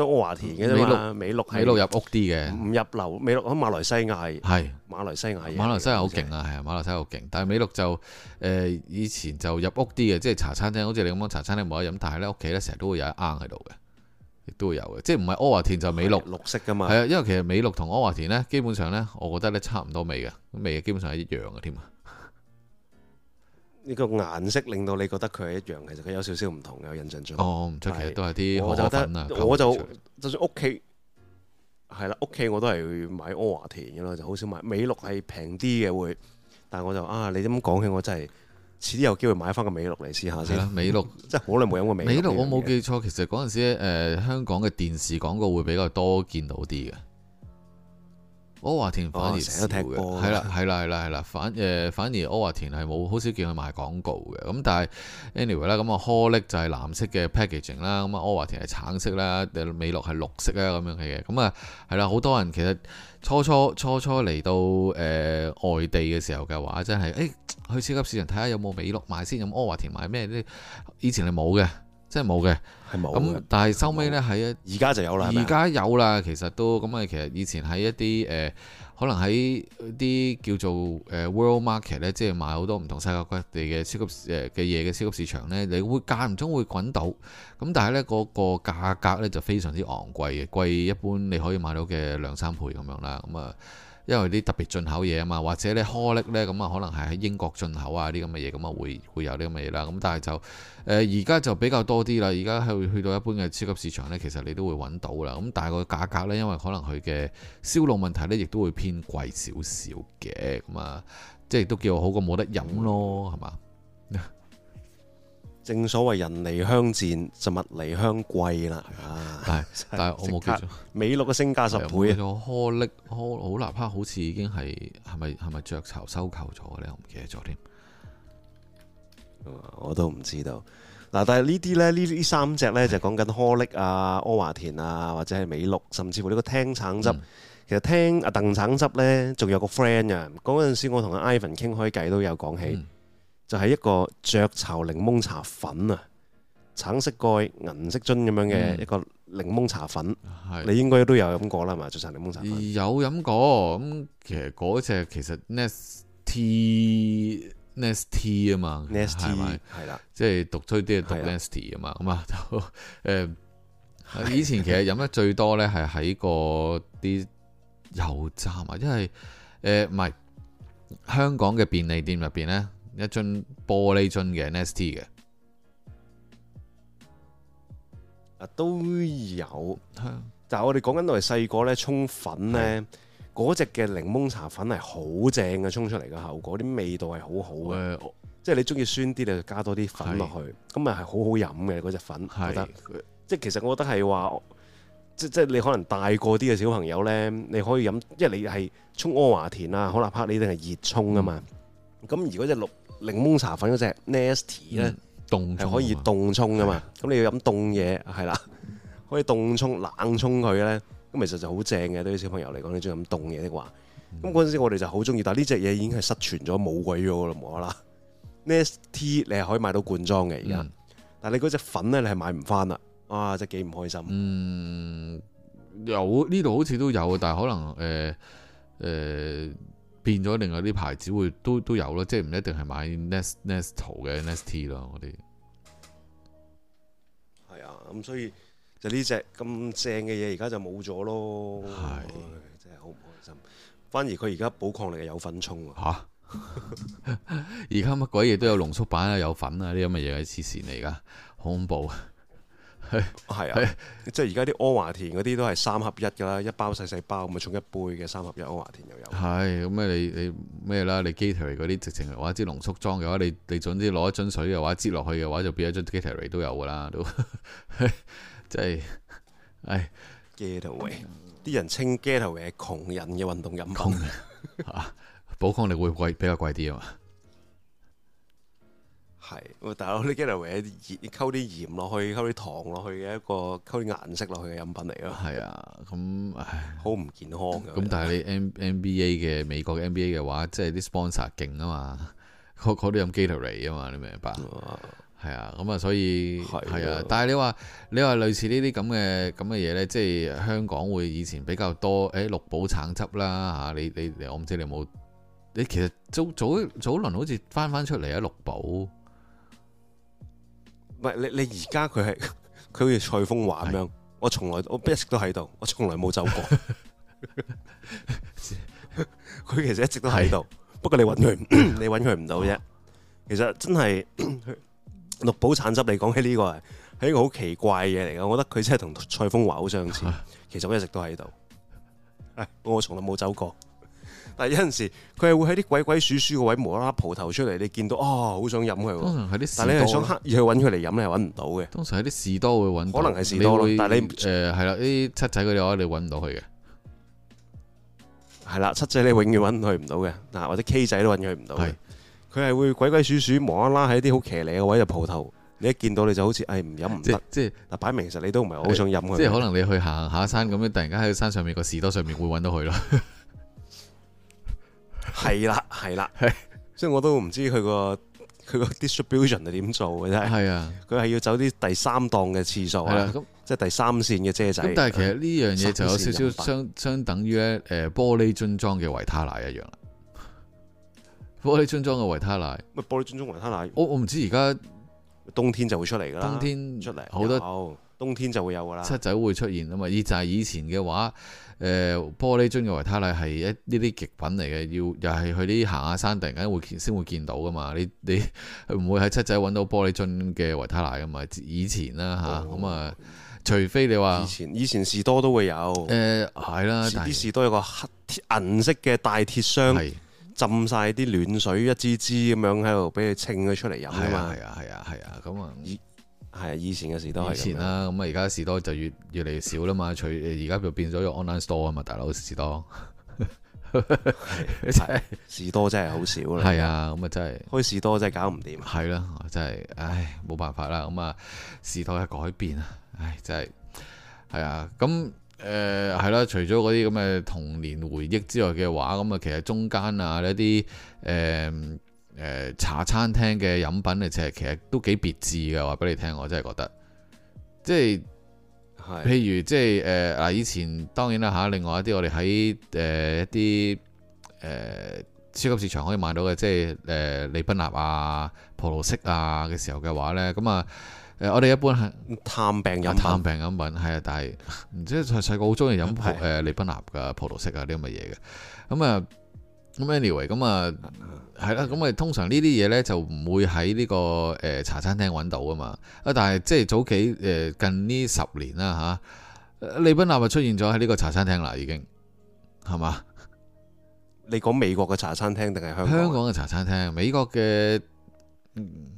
都阿華田嘅啫嘛，美祿露美祿入屋啲嘅，唔入流。美祿喺馬來西亞，係是馬來西亞嘢、啊。馬來西亞好勁啊，係啊，馬來西亞好勁。但係美祿就誒、呃、以前就入屋啲嘅，即係茶餐廳，好似你咁講茶餐廳冇得飲，但係咧屋企咧成日都會有一罐喺度嘅，亦都會有嘅。即係唔係阿華田就是、美祿，綠色噶嘛。係啊，因為其實美祿同阿華田咧，基本上咧，我覺得咧差唔多味嘅，味基本上係一樣嘅添啊。呢個顏色令到你覺得佢係一樣，其實佢有少少唔同嘅。印象中哦，唔出奇，其實是都係啲可我覺得可粉啊。我就就算屋企係啦，屋企我都係會買阿華田嘅咯，就好少買美祿係平啲嘅會，但係我就啊，你咁講起我真係遲啲有機會買翻個美祿嚟試下先。啦、嗯，美祿即係好耐冇飲過美祿。美祿我冇記錯，其實嗰陣時、呃呃、香港嘅電視廣告會比較多見到啲嘅。阿華田反而少嘅，係啦、哦，係啦，係啦，係啦，反誒、呃、反而阿華田係冇好少見佢賣廣告嘅，咁，但係 anyway 啦，咁啊好立克就係藍色嘅 packaging 啦，咁啊阿華田係橙色啦，美祿係綠色啊咁樣嘅，咁啊係啦，好多人其實初初初初嚟到誒、呃、外地嘅時候嘅話，真係誒、欸、去超級市場睇下有冇美祿賣先，咁阿華田賣咩啲？以前係冇嘅。即係冇嘅，係冇。咁、嗯、但係收尾呢，喺一而家就有啦。而家有啦，其實都咁啊。其實以前喺一啲誒、呃，可能喺啲叫做誒 world market 咧，即係賣好多唔同世界各地嘅超級誒嘅嘢嘅超級市場呢，你會間唔中會滾到。咁但係呢嗰、那個價格呢，就非常之昂貴嘅，貴一般你可以買到嘅兩三倍咁樣啦。咁、嗯、啊～因為啲特別進口嘢啊嘛，或者你好立克呢，咁啊，可能係喺英國進口啊啲咁嘅嘢，咁啊會會有啲咁嘅嘢啦。咁但係就誒而家就比較多啲啦。而家係去到一般嘅超級市場呢，其實你都會揾到啦。咁但係個價格呢，因為可能佢嘅銷路問題呢，亦都會偏貴少少嘅。咁、嗯、啊，即係都叫好過冇得飲咯，係嘛？ [laughs] 正所謂人離鄉賤就物離鄉貴啦，啊、但係真是 但係我冇記住美祿嘅升價十倍啊！好立克，好立克，好似已經係係咪係咪雀巢收購咗呢？我唔記得咗添、嗯，我都唔知道。嗱，但係呢啲咧，呢啲三隻咧就講緊好立克啊、柯華田啊，或者係美祿，甚至乎呢個聽橙汁。嗯、其實聽阿鄧橙汁咧，仲有個 friend 嘅，講嗰陣時我同阿 Ivan 傾開偈都有講起。嗯就係一個雀巢檸檬茶粉啊，橙色蓋銀色樽咁樣嘅一個檸檬茶粉，嗯、你應該都有飲過啦嘛？雀巢檸檬茶有飲過咁、嗯，其實嗰隻其實 Nestea Nestea 啊嘛 Nestea 係啦，即係獨追啲係獨 Nestea 啊嘛咁啊，誒 [laughs] 以前其實飲得最多咧係喺個啲油站啊， [laughs] 因為誒唔係香港嘅便利店入邊咧。一樽玻璃樽嘅 s t 嘅啊都有，就、嗯、我哋講緊到係細個咧沖粉咧，嗰隻嘅檸檬茶粉係好正嘅，沖出嚟嘅效果啲味道係好好嘅，嗯、即係你中意酸啲你就加多啲粉落是去，咁啊係好好飲嘅嗰隻粉，覺得是是即係其實我覺得係話，即係即係你可能大個啲嘅小朋友咧，你可以飲，即係你係沖阿華田啊好立克，你一定係熱沖啊嘛，咁如果一綠。檸檬茶粉嗰隻 Nestea 咧，係、嗯、可以凍沖㗎嘛？咁的你要飲凍嘢係啦， [laughs] 可以凍沖冷沖佢咧，咁其實就好正嘅。對於小朋友嚟講，你中意飲凍嘢的話，咁嗰陣時我哋就好中意。但係呢隻嘢已經係失傳咗，冇鬼咗啦，無啦啦。Nestea 你係可以買到罐裝嘅而家，嗯、但係你嗰隻粉咧，你係買唔返啦。哇！真係幾唔開心。嗯，有呢度好似都有，但係可能誒誒。呃呃變咗另外啲牌子會都都有咯，即係唔一定係買 Nestle 嘅 nest 咯嗰啲。係啊，咁所以就呢隻咁正嘅嘢而家就冇咗咯。係、啊哎，真係好唔開心。反而佢而家補抗力有粉沖啊！嚇，而家乜鬼嘢都有濃縮版啊，有粉啊，啲咁嘅嘢黐線嚟㗎，好恐怖。係啊，即係而家啲阿華田嗰啲都係三合一噶啦，一包細細包，咪沖一杯嘅三合一阿華田又有。係咁啊，啊，你你咩啦？你 Gatorade 嗰啲直情，話支濃縮裝嘅話，你你總之攞一樽水嘅話，擠落去嘅話就變咗樽 Gatorade 都有噶啦，都、 [laughs] 啊、即係。哎 Gatorade 啲人稱 Gatorade 係窮人嘅運動飲品。窮啊！嚇，補抗力會貴比較貴啲啊嘛。係，大佬啲 Gatorade 啲鹽，溝啲鹽落去，溝啲糖落去嘅一個溝啲顏色落去嘅飲品嚟咯。係啊，咁唉，好唔健康㗎。咁但係你 N NBA 嘅美國嘅 NBA 嘅話，即係啲 sponsor 勁啊嘛，嗰嗰啲飲 Gatorade 啊嘛，你明白？係啊，咁啊，所以係啊。但係你話你話類似呢啲咁嘅咁嘅嘢咧，即係香港會以前比較多，誒、欸、綠寶橙汁啦嚇。你你我唔知你有冇？你其實早早早輪好似翻翻出嚟啊，綠寶。唔係，你你而家佢係，佢好似蔡楓華咁樣，的我我，我從來我一直都喺度，我從來冇走過。佢 [laughs] [laughs] 其實一直都喺度，的不過你揾佢， [coughs] 你揾佢唔到啫。嗯、其實真係綠 [coughs] 寶橙汁你講起呢個係係一個好奇怪嘢嚟㗎，我覺得佢真係同蔡楓華好相似。的其實我一直都喺度、哎，我從來冇走過。但有陣時，佢係會喺啲鬼鬼祟祟嘅位無啦啦蒲頭出嚟，你見到哦，好想飲佢。但你係想刻意去揾佢嚟飲，你係揾唔到嘅。通常喺啲士多會揾到，可能係士多你會但你誒係啦，啲、呃、七仔嗰啲我哋揾唔到佢嘅。係啦，七仔你永遠揾佢唔到嘅。或者 K 仔都揾佢唔到。佢係的會鬼鬼祟祟無啦啦喺啲好騎呢嘅位入蒲頭。你一見到你就好似誒唔飲唔得。哎、不不即係是嗱，擺明其實你都唔係好想飲佢的。即係可能你去行下山咁樣，突然間喺山上面個士多上面會揾到佢咯。 [laughs] 係啦，係啦，係， [laughs] 所以我都唔知佢個佢個 distribution 係點做嘅啫。係啊，佢係要走啲第三檔嘅次數啊，咁即係第三線嘅遮仔。嗯、但係其實呢樣嘢就有少少相相等於咧，誒，玻璃樽裝嘅維他奶一樣啦。玻璃樽裝嘅維他奶，玻璃樽裝維他奶。我我唔知而家冬天就會出嚟噶啦。冬天出嚟，好多有冬天就會有噶啦，七仔會出現啊嘛。而就係、是、以前嘅話。誒玻璃樽嘅維他奶係一呢啲極品嚟嘅，要又係去啲行下山，突然間會先會見到噶嘛？你你唔會喺七仔搵到玻璃樽嘅維他奶噶嘛？以前啦吓，咁啊，除非你話以前以前士多都會有誒，係啦，但啲士多有個黑銀色嘅大鐵箱，浸晒啲暖水一支支咁樣喺度俾佢清咗出嚟飲啊嘛，係啊係啊係啊，咁啊係啊，以前嘅士多，係以前啦、啊，咁啊而家士多就越越嚟越少啦嘛，除而家就變咗用 online store 啊嘛，大佬士多， [laughs] [laughs] 是士多真係好少啦，係啊，咁啊真係開士多真係搞唔掂，係啦、啊，真係，唉，冇辦法啦，咁啊士多嘅改變啊，唉真係，係、呃、啊，咁誒係啦，除咗嗰啲咁嘅童年回憶之外嘅話，咁啊其實中間啊一啲誒。呃誒，茶餐廳嘅飲品咧，其實其實都幾別致嘅，話俾你聽，我真係覺得，即係，係的，譬如即係誒，嗱、呃，以前當然啦吓，另外一啲我哋喺誒一啲誒、呃、超級市場可以買到嘅，即係誒利賓納啊、葡萄適啊嘅時候嘅話咧，咁啊，誒我哋一般係探病飲探病飲品，係啊，但係唔知細細個好中意飲誒利賓納噶、葡萄適啊啲咁嘅嘢嘅，咁啊，咁 anyway 咁啊。係啦，咁啊，通常呢啲嘢呢，就唔會喺呢個誒茶餐廳揾到噶嘛，啊！但係即係早幾誒近呢十年啦，吓利賓納咪出現咗喺呢個茶餐廳啦，已經係嘛？你講美國嘅茶餐廳定係香港嘅茶餐廳？美國嘅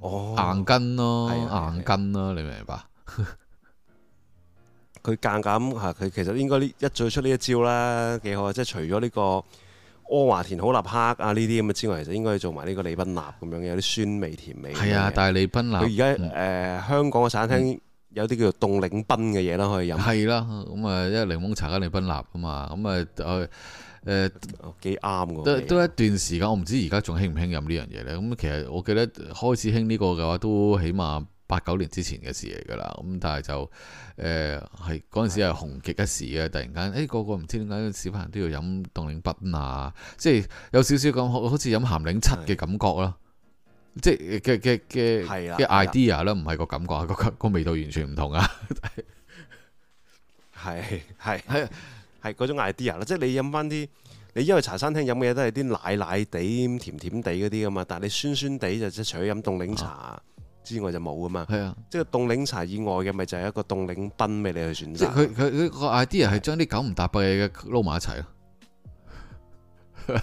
哦，硬根咯，哎、呀硬根咯，哎、呀你明唔明白？佢間感啊，佢 [laughs] 其實應該呢一早出呢一招啦，幾好啊！即係除咗呢、這個。阿華田好立克啊，呢啲咁嘅之外，其實應該做埋呢個利賓納咁樣嘅，有啲酸味甜味。係啊，但係利賓納。佢而家誒香港嘅餐廳有啲叫做凍檸賓嘅嘢啦，可以飲。係啦，咁啊，因為檸檬茶加利賓納啊嘛，咁啊誒誒幾啱嘅。都都一段時間，我唔知而家仲興唔興飲呢樣嘢咧。咁其實我記得開始興呢個嘅話，都起碼，八九年之前嘅事嚟噶啦，咁但係就，誒係嗰陣時係紅極一時嘅，突然間誒、欸、個個唔知點解小朋友都要飲凍檸賓嘛，即係有少少咁好似飲鹹檸七嘅感覺咯，的即係嘅嘅嘅嘅 idea 啦，唔係個感覺啊，個個味道完全唔同啊，係係係係嗰種 idea 啦，即係你飲翻啲，你因為茶餐廳飲嘅嘢都係啲奶奶地甜甜地嗰啲噶嘛，但係你酸酸地就即係除咗飲凍檸茶。啊之外就冇噶嘛，係啊，即係凍檸茶以外嘅，咪就係一個凍檸賓俾你去選擇。即係佢佢佢個 idea 係將啲九唔搭八嘅嘢撈埋一齊咯。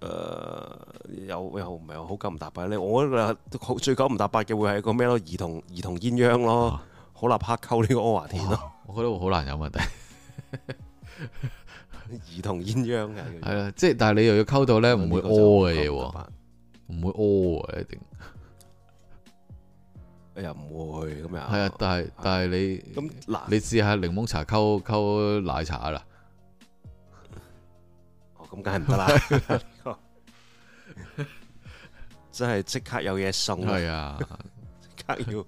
誒，有有唔係好九唔搭八咧？我覺得好最九唔搭八嘅會係一個咩咯？兒童兒童鴛鴦咯，啊、好立克溝呢個阿華田咯。我覺得會好難有問題。兒童鴛鴦嘅係啦，即係但係你又要溝到咧，唔會屙嘅嘢唔會屙一定、啊。又唔、哎、會咁樣。係啊，但係但係你，那你試下檸檬茶溝溝奶茶啦。哦，咁梗係唔得啦！ [laughs] [laughs] 真係即刻有嘢送係啊！即 [laughs] 刻要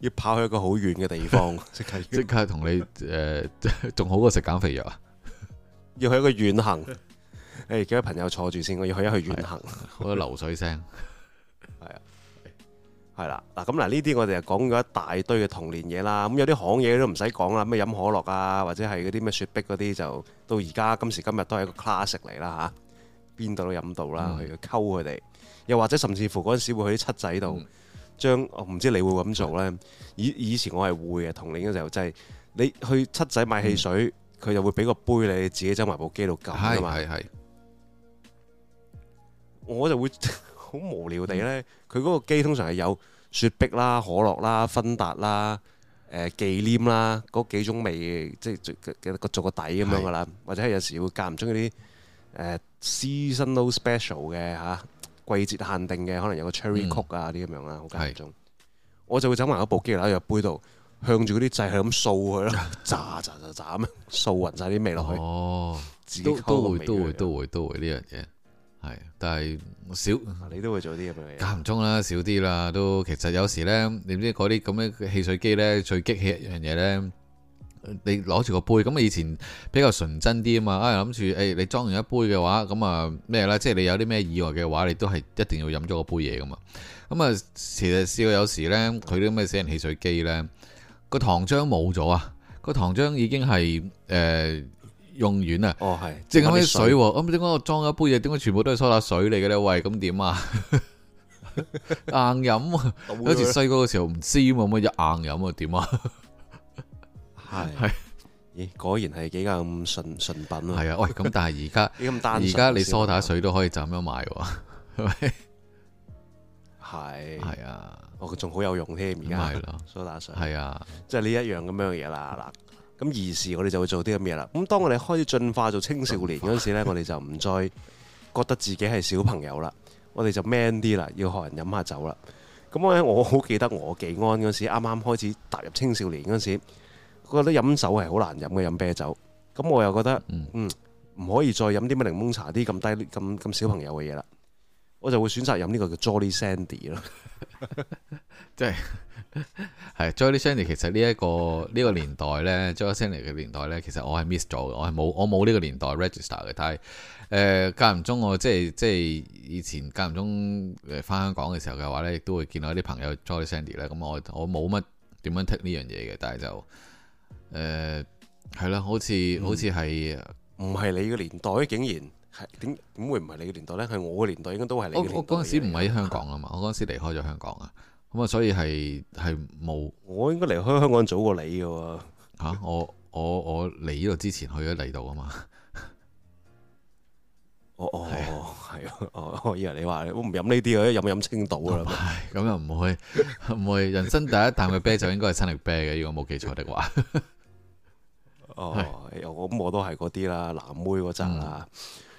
要跑去一個好遠嘅地方，即刻即 [laughs] 刻同你誒仲、呃、好過食減肥藥啊！ [laughs] 要去一個遠行，誒叫啲朋友坐住先，我要去一去遠行。好多流水聲。 [laughs] 係啦，嗱咁嗱呢啲我哋就講咗一大堆嘅童年嘢啦，咁有啲行嘢都唔使講啦，咩飲可樂啊，或者係嗰啲咩雪碧嗰啲就到而家今時今日都係一個 classic 嚟啦嚇，邊、啊、度都飲到啦，嗯、去溝佢哋，又或者甚至乎嗰陣時會去啲七仔度，將、嗯、我唔知你會咁做呢？以、嗯、以前我係會嘅童年嘅時候，就係、是、你去七仔買汽水，佢、嗯、就會俾個杯你，自己執埋部機度撳啊嘛，我就會。的好無聊地呢，佢嗰個機通常係有雪碧啦、可樂啦、芬達啦、誒忌廉啦嗰幾種味，即係做個底咁樣噶啦。或者係有時會間唔中嗰啲誒 seasonal special 嘅吓，季節限定嘅，可能有個 cherry coke 啊啲咁樣啦，好間唔中。我就會走埋嗰部機，攞入杯度，向住嗰啲掣係咁掃佢咯，炸炸炸炸咁樣掃勻晒啲味落去。哦，都都會都會都會都會呢樣嘢。係，但係少，你都會做啲咁嘅嘢，間唔中啦，少啲啦，都其實有時咧，你唔知嗰啲咁嘅汽水機呢，最激氣一樣嘢呢，你攞住個杯，咁啊以前比較純真啲啊嘛，啊諗住誒，你裝完一杯嘅話，咁啊咩咧，即係你有啲咩意外嘅話，你都係一定要飲咗個杯嘢噶嘛，咁、嗯、啊，其實試過有時呢，佢啲咩死人汽水機呢？個糖漿冇咗啊，個糖漿已經係誒。呃用完啊！哦係，即係咁啲水，咁點解我裝一杯嘢，點解全部都係梳打水嚟嘅咧？喂，咁點啊？ [laughs] 硬飲、啊，好似細個嘅時候唔知啊嘛，咁一硬飲啊，點啊？係 [laughs] 係，咦、欸，果然係幾咁純純品啊！係啊，喂，咁但係而家而家你梳打水都可以就咁樣賣喎，係咪？係係啊，哦 [laughs] 是，仲好、啊、有用添，而家 [laughs] 梳打水係啊，即係呢一樣咁樣嘢啦，嗱。咁兒時我哋就會做啲咁嘢啦。咁當我哋開始進化做青少年嗰陣時咧，我哋就唔再覺得自己係小朋友啦。我哋就 man 啲啦，要學人飲下酒啦。咁咧我好記得我技安嗰時啱啱開始踏入青少年嗰陣時，覺得飲酒係好難飲嘅，飲啤酒。咁我又覺得嗯唔、嗯、唔可以再飲啲乜檸檬茶啲咁低咁咁小朋友嘅嘢啦。我就會選擇飲呢個叫 Jolly Shandy 咯。即係。係 [laughs] Joey Sandy，其實呢、這、一個呢、這個年代呢 Joey Sandy 嘅年代呢，其實我係 miss 咗嘅，我係冇我冇呢個年代 register 嘅。但係誒間唔中我即係即係以前間唔中誒翻香港嘅時候嘅話呢，亦都會見到啲朋友 Joey Sandy 咧。咁我我冇乜點樣 take 呢樣嘢嘅，但係就誒係啦，好似、嗯、好似係唔係你嘅年代，竟然係點點會唔係你嘅年代呢？係我嘅年代應該都係你嘅年代係我。我我嗰陣時唔喺香港啊嘛，的我嗰陣時離開咗香港啊。咁啊，所以係係冇，我應該離開香港早過你噶吓，我我我嚟呢度之前去咗嚟度啊嘛，哦哦係哦，我以為你話你唔飲呢啲，啊、 [laughs] [laughs] 嗯？飲飲青島啦，咁又唔會唔會人生第一啖嘅啤酒應該係生力啤嘅、嗯， [laughs] 如果冇記錯的話，哦、 [laughs] oh,，我咁我都係嗰啲啦， [laughs] い f ans low 藍妹嗰陣啊，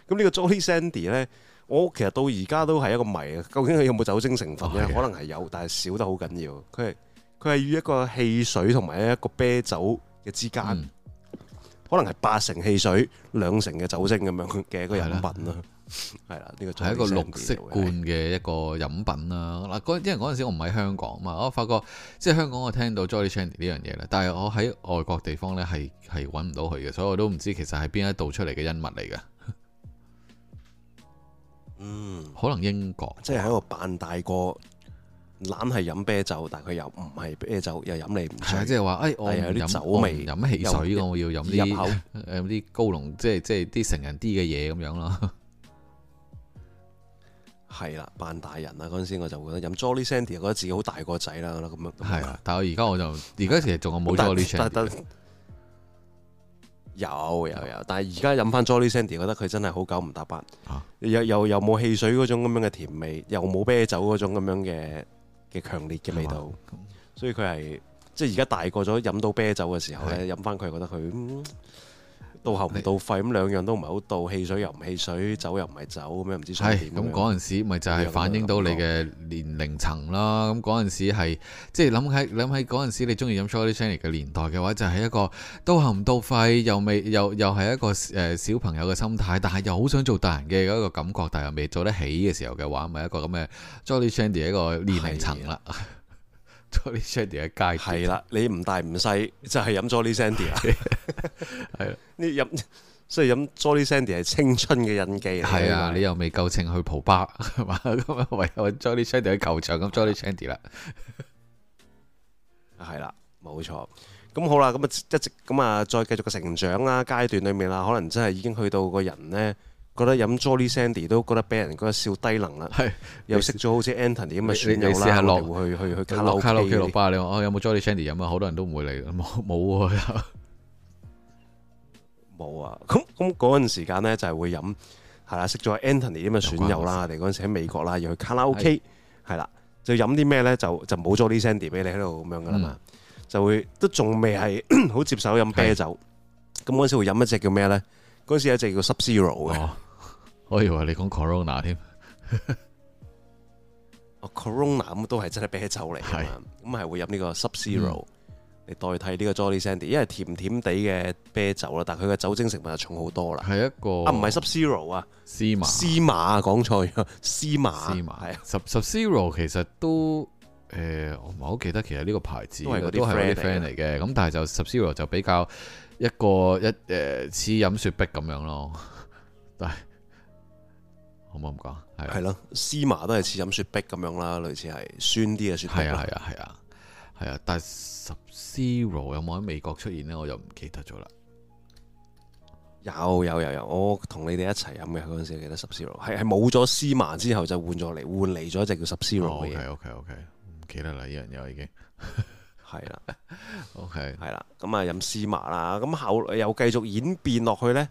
咁呢、tamam. 個 Joy Sandy 咧。key 我、哦、其實到而家都係一個謎啊！究竟佢有冇酒精成分咧？的可能係有，但係少得好緊要。佢係佢係與一個汽水同埋一個啤酒嘅之間，嗯、可能係八成汽水兩成嘅酒精咁樣嘅一個飲品啦。係啦的，呢、 [laughs] 呢個就係一個綠色罐嘅一個飲品啦。嗱的，因為嗰陣時，我唔喺香港啊嘛，我發覺即係香港我聽到 Jolly Shandy 呢樣嘢咧，但係我喺外國地方咧係係揾唔到佢嘅，所以我都唔知其實係邊一度出嚟嘅恩物嚟嘅。嗯，可能英國，即係喺度扮大個，懶係飲啤酒，但佢又唔係啤酒，又飲嚟唔出。即係話，哎，我係有啲酒味，飲汽水，我要飲啲誒啲高濃，即係即係啲成人啲嘅嘢咁樣咯。係啦，扮大人啦，嗰陣時我就會飲 Jolly Shandy，覺得自己好大個仔啦咁樣。係啊，但係我而家我就而家其實仲有冇 Jolly。有有有，但係而家飲翻 Jolly Sandy，覺得佢真係好九唔搭八，又又冇汽水嗰種咁樣嘅甜味，又冇啤酒嗰種咁樣嘅嘅強烈嘅味道，吧所以佢係即係而家大個咗飲到啤酒嘅時候咧，飲翻佢覺得佢。嗯到喉唔到肺咁，兩樣都唔係好到。汽水又唔汽水，酒又唔係酒咁樣，唔知想點咁樣。係咁嗰時，咪就係反映到你嘅年齡層啦。咁嗰陣時係即係諗起諗起嗰陣時，你中意飲 Jolly Shandy 嘅年代嘅話，就係、是、一個到喉唔到肺，又未又又係一個誒、呃、小朋友嘅心態，但係又好想做大人嘅一個感覺，但係又未做得起嘅時候嘅話，咪、就是、一個咁嘅 Jolly Shandy 一個年齡層啦。Jolly Shandy 嘅階段係啦，你唔大唔細就係、是、飲 Jolly Shandy 啦，係啦 [laughs] 了， [laughs] 你飲即係飲 Jolly Shandy 係青春嘅印記，係啊了，你，你又未夠秤去蒲吧，係嘛，咁唯有 Jolly Shandy 喺球場咁 Jolly Shandy 啦，係啦，冇錯，咁好啦，咁啊一直咁啊再繼續嘅成長啊階段裏面啦，可能真係已經去到個人咧。覺得飲 Jolly Sandy 都覺得俾人覺得笑低能啦，又識咗好似 Anthony 咁嘅損友啦。你試下落去去去卡拉 O K 老爸，你有冇 Jolly Sandy 飲啊？好多人都唔會嚟，冇冇喎，冇啊！咁咁嗰陣時間咧就係會飲係啦，識咗 Anthony 咁嘅損友啦。我哋嗰陣時喺美國啦，要去卡拉 O K 係啦，就飲啲咩咧？就就冇 Jolly Sandy 俾你喺度咁樣噶啦嘛，就會都仲未係好接受飲啤酒。咁嗰陣時會飲一隻叫咩咧？嗰陣有一隻叫 Sub Zero 嘅。我以為你講 Cor、 [laughs] 哦、corona 添，corona 咁都係真係啤酒嚟是，係咁係會飲呢個 subzero 嚟代替呢個 Jolly Shandy，因為甜甜地嘅啤酒啦，但係佢嘅酒精成分就重好多啦。係一個啊，唔係 subzero 啊，司馬司馬啊，講錯司斯馬斯馬係啊。sub subzero 其實都誒、哎，我唔係好記得其實呢個牌子啲係我啲 friend 嚟嘅咁，但係就 subzero 就比較一個一誒似飲雪碧咁樣咯，但是係 that。好冇唔講，係咯？絲麻都係似飲雪碧咁樣啦，類似係酸啲嘅雪碧。係啊係啊係啊係啊，但係十 zero 有冇喺美國出現呢？我又唔記得咗啦。有有有有，我同你哋一齊飲嘅嗰陣時，記得十 zero 係係冇咗絲麻之後就換咗嚟，換嚟咗一隻叫十 zero 嘅嘢。Oh, OK OK OK，唔記得啦，呢樣嘢我已經係啦。 [laughs] 的 OK 係啦，咁啊飲絲麻啦，咁後來又繼續演變落去呢。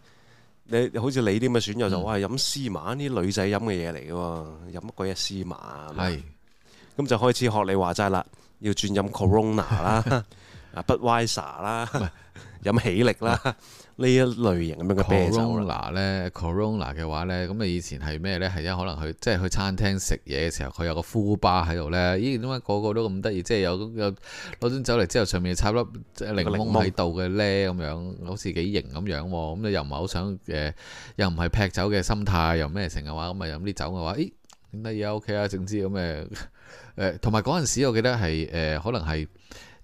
你好似你啲咁嘅選擇就，嗯、哇！飲絲麻啲女仔飲嘅嘢嚟嘅喎，飲乜鬼嘢絲麻啊？咁是就開始學你話齋啦，要轉飲 Corona 啦、 [laughs] 啊，啊，Budweiser 啦，飲喜力啦。啊啊啊啊啊呢一類型咁樣嘅啤酒啦，Corona 咧，Corona 嘅話咧，咁啊以前係咩咧？係因為可能佢即係去餐廳食嘢嘅時候，佢有個 full bar 喺度咧。咦，點解個個都咁得意？即係有有攞樽酒嚟之後，上面插粒檸檬喺度嘅咧，咁樣好似幾型咁樣喎。咁你又唔係好想誒？又唔係、呃、劈酒嘅心態，又咩成嘅話，咁啊飲啲酒嘅話，咦，點得意啊？OK 啊，正知咁嘅誒，同埋嗰陣時我記得係誒、呃，可能係。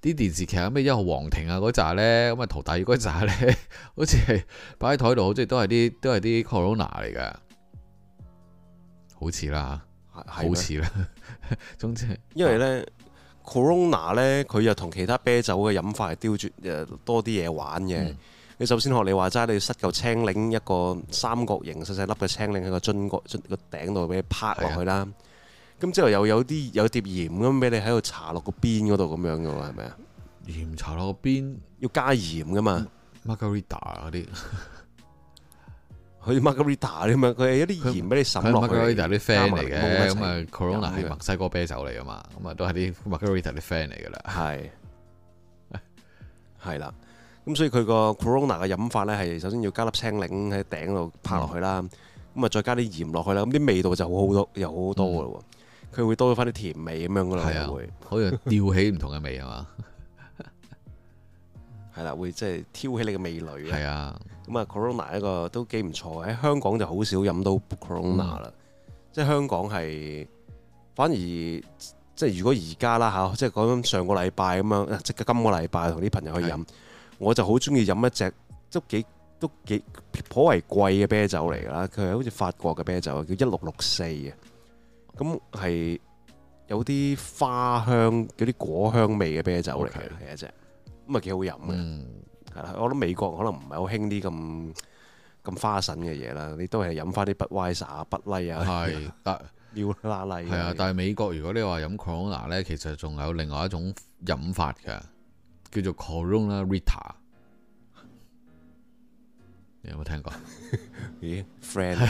啲電視劇啊，咩《一號皇庭啊呢》啊嗰扎咧，咁啊陶大宇嗰扎咧，好似係擺喺台度，好似都係啲都係啲 Corona 嚟噶，好似啦，係好似像啦， [laughs] 總之，因為咧、嗯、Corona 咧，佢又同其他啤酒嘅飲法係刁鑽誒多啲嘢玩嘅。你、嗯、首先學你話齋，你要塞嚿青檸，一個三角形細細粒嘅青檸喺個樽個樽個頂度俾你拍落去啦。咁之後又有啲有碟鹽咁俾你喺度搽落個邊嗰度咁樣嘅喎，係咪啊？鹽搽落個邊要加鹽嘅嘛，Margarita 嗰啲，佢 Margarita 啲咪佢係一啲鹽俾你滲落去。Margarita 啲 fan 嚟嘅，咁啊 Corona 係墨西哥啤酒嚟啊嘛，咁啊都係啲 Margarita 啲 fan 嚟嘅啦。係係啦，咁所以佢個 Corona 嘅飲法咧係首先要加粒青檸喺頂度拍落去啦，咁啊再加啲鹽落去啦，咁啲味道就好好多，又好多嘅喎。佢會多咗翻啲甜味咁樣噶啦，會好似調起唔同嘅味係嘛？係啦，會即係挑起你嘅味蕾。係啊，咁啊，Corona 一個都幾唔錯，喺香港就好少飲到 Corona 啦。即係香港係反而即係如果而家啦吓，即係講上個禮拜咁樣，即今個禮拜同啲朋友去飲，啊、我就好中意飲一隻都幾都幾，都幾頗為貴嘅啤酒嚟啦。佢係好似法國嘅啤酒，叫一六六四啊。咁係有啲花香嗰啲果香味嘅啤酒嚟嘅，係一隻咁啊，幾好飲嘅。係啦、嗯，我諗美國可能唔係好興啲咁咁花神嘅嘢啦，你都係飲翻啲 Budweiser、Bud Light 啊。係，但 l u 係啊，但係美國如果你話飲 Corona 咧，其實仲有另外一種飲法嘅，叫做 Corona Rita。你有冇聽過？咦，Friend。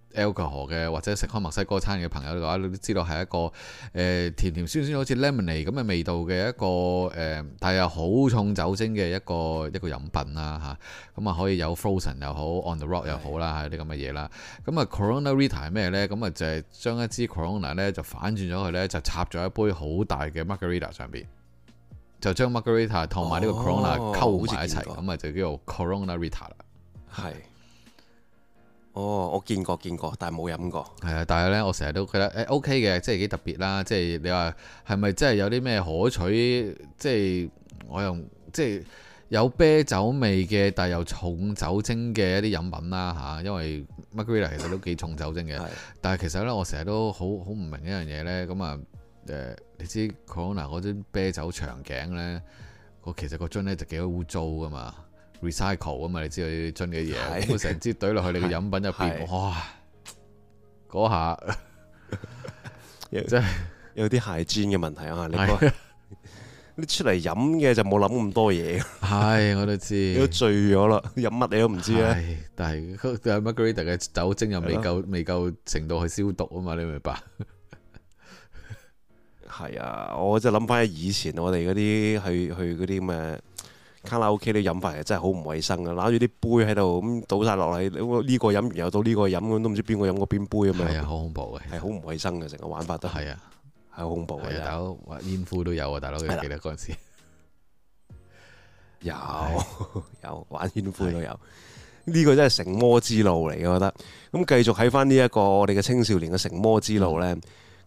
alcohol 嘅或者食開墨西哥餐嘅朋友嘅話，你都知道係一個誒、呃、甜甜酸酸好似 lemony 咁嘅味道嘅一個誒、呃，但係又好重酒精嘅一個一個飲品啦嚇。咁啊，啊，啊可以有 frozen 又好，on the rock 又好是啦，啲咁嘅嘢啦。咁啊 Corona Rita 係咩呢？咁啊就係將一支 Corona 咧就反轉咗佢咧，就插咗一杯好大嘅 Margarita 上邊，就將 Margarita 同埋呢個 Corona 溝埋、哦、一齊，咁啊就叫做 Corona Rita 啦。係是。哦，oh，我見過見過，但係冇飲過。係啊，但係咧，我成日都覺得誒 O K 嘅，即係幾特別啦。即係你話係咪真係有啲咩可取？即係我又即係有啤酒味嘅，但係又重酒精嘅一啲飲品啦吓、啊，因為 Margarita 其實都幾重酒精嘅，的但係其實咧，我成日都好好唔明一樣嘢咧。咁啊誒，你知 Corona 嗰樽啤酒長頸咧，個其實個樽咧就幾污糟噶嘛。recycle 啊嘛，你知道啲樽嘅嘢，成支懟落去你嘅飲品入邊，哇！嗰下即係有啲鞋樽嘅問題啊！你出嚟飲嘅就冇諗咁多嘢，係我都知，都醉咗啦！飲乜你都唔知咧。但係但係 Margarita 嘅酒精又未夠未夠程度去消毒啊嘛，你明唔明白？係啊，我真係諗翻以前我哋嗰啲去去嗰啲咁嘅。卡拉 O K 你飲法其實真係好唔衛生啊。攞住啲杯喺度咁倒晒落嚟，咁呢個飲完又到呢個飲，咁都唔知邊個飲過邊杯咁樣。係啊，好恐怖嘅，係好唔衛生嘅，成個玩法都係啊，係好恐怖嘅。大佬，玩煙灰都有啊，大佬記得嗰陣時有有玩煙灰都有，呢個真係成魔之路嚟，我覺得。咁繼續喺翻呢一個我哋嘅青少年嘅成魔之路咧。嗯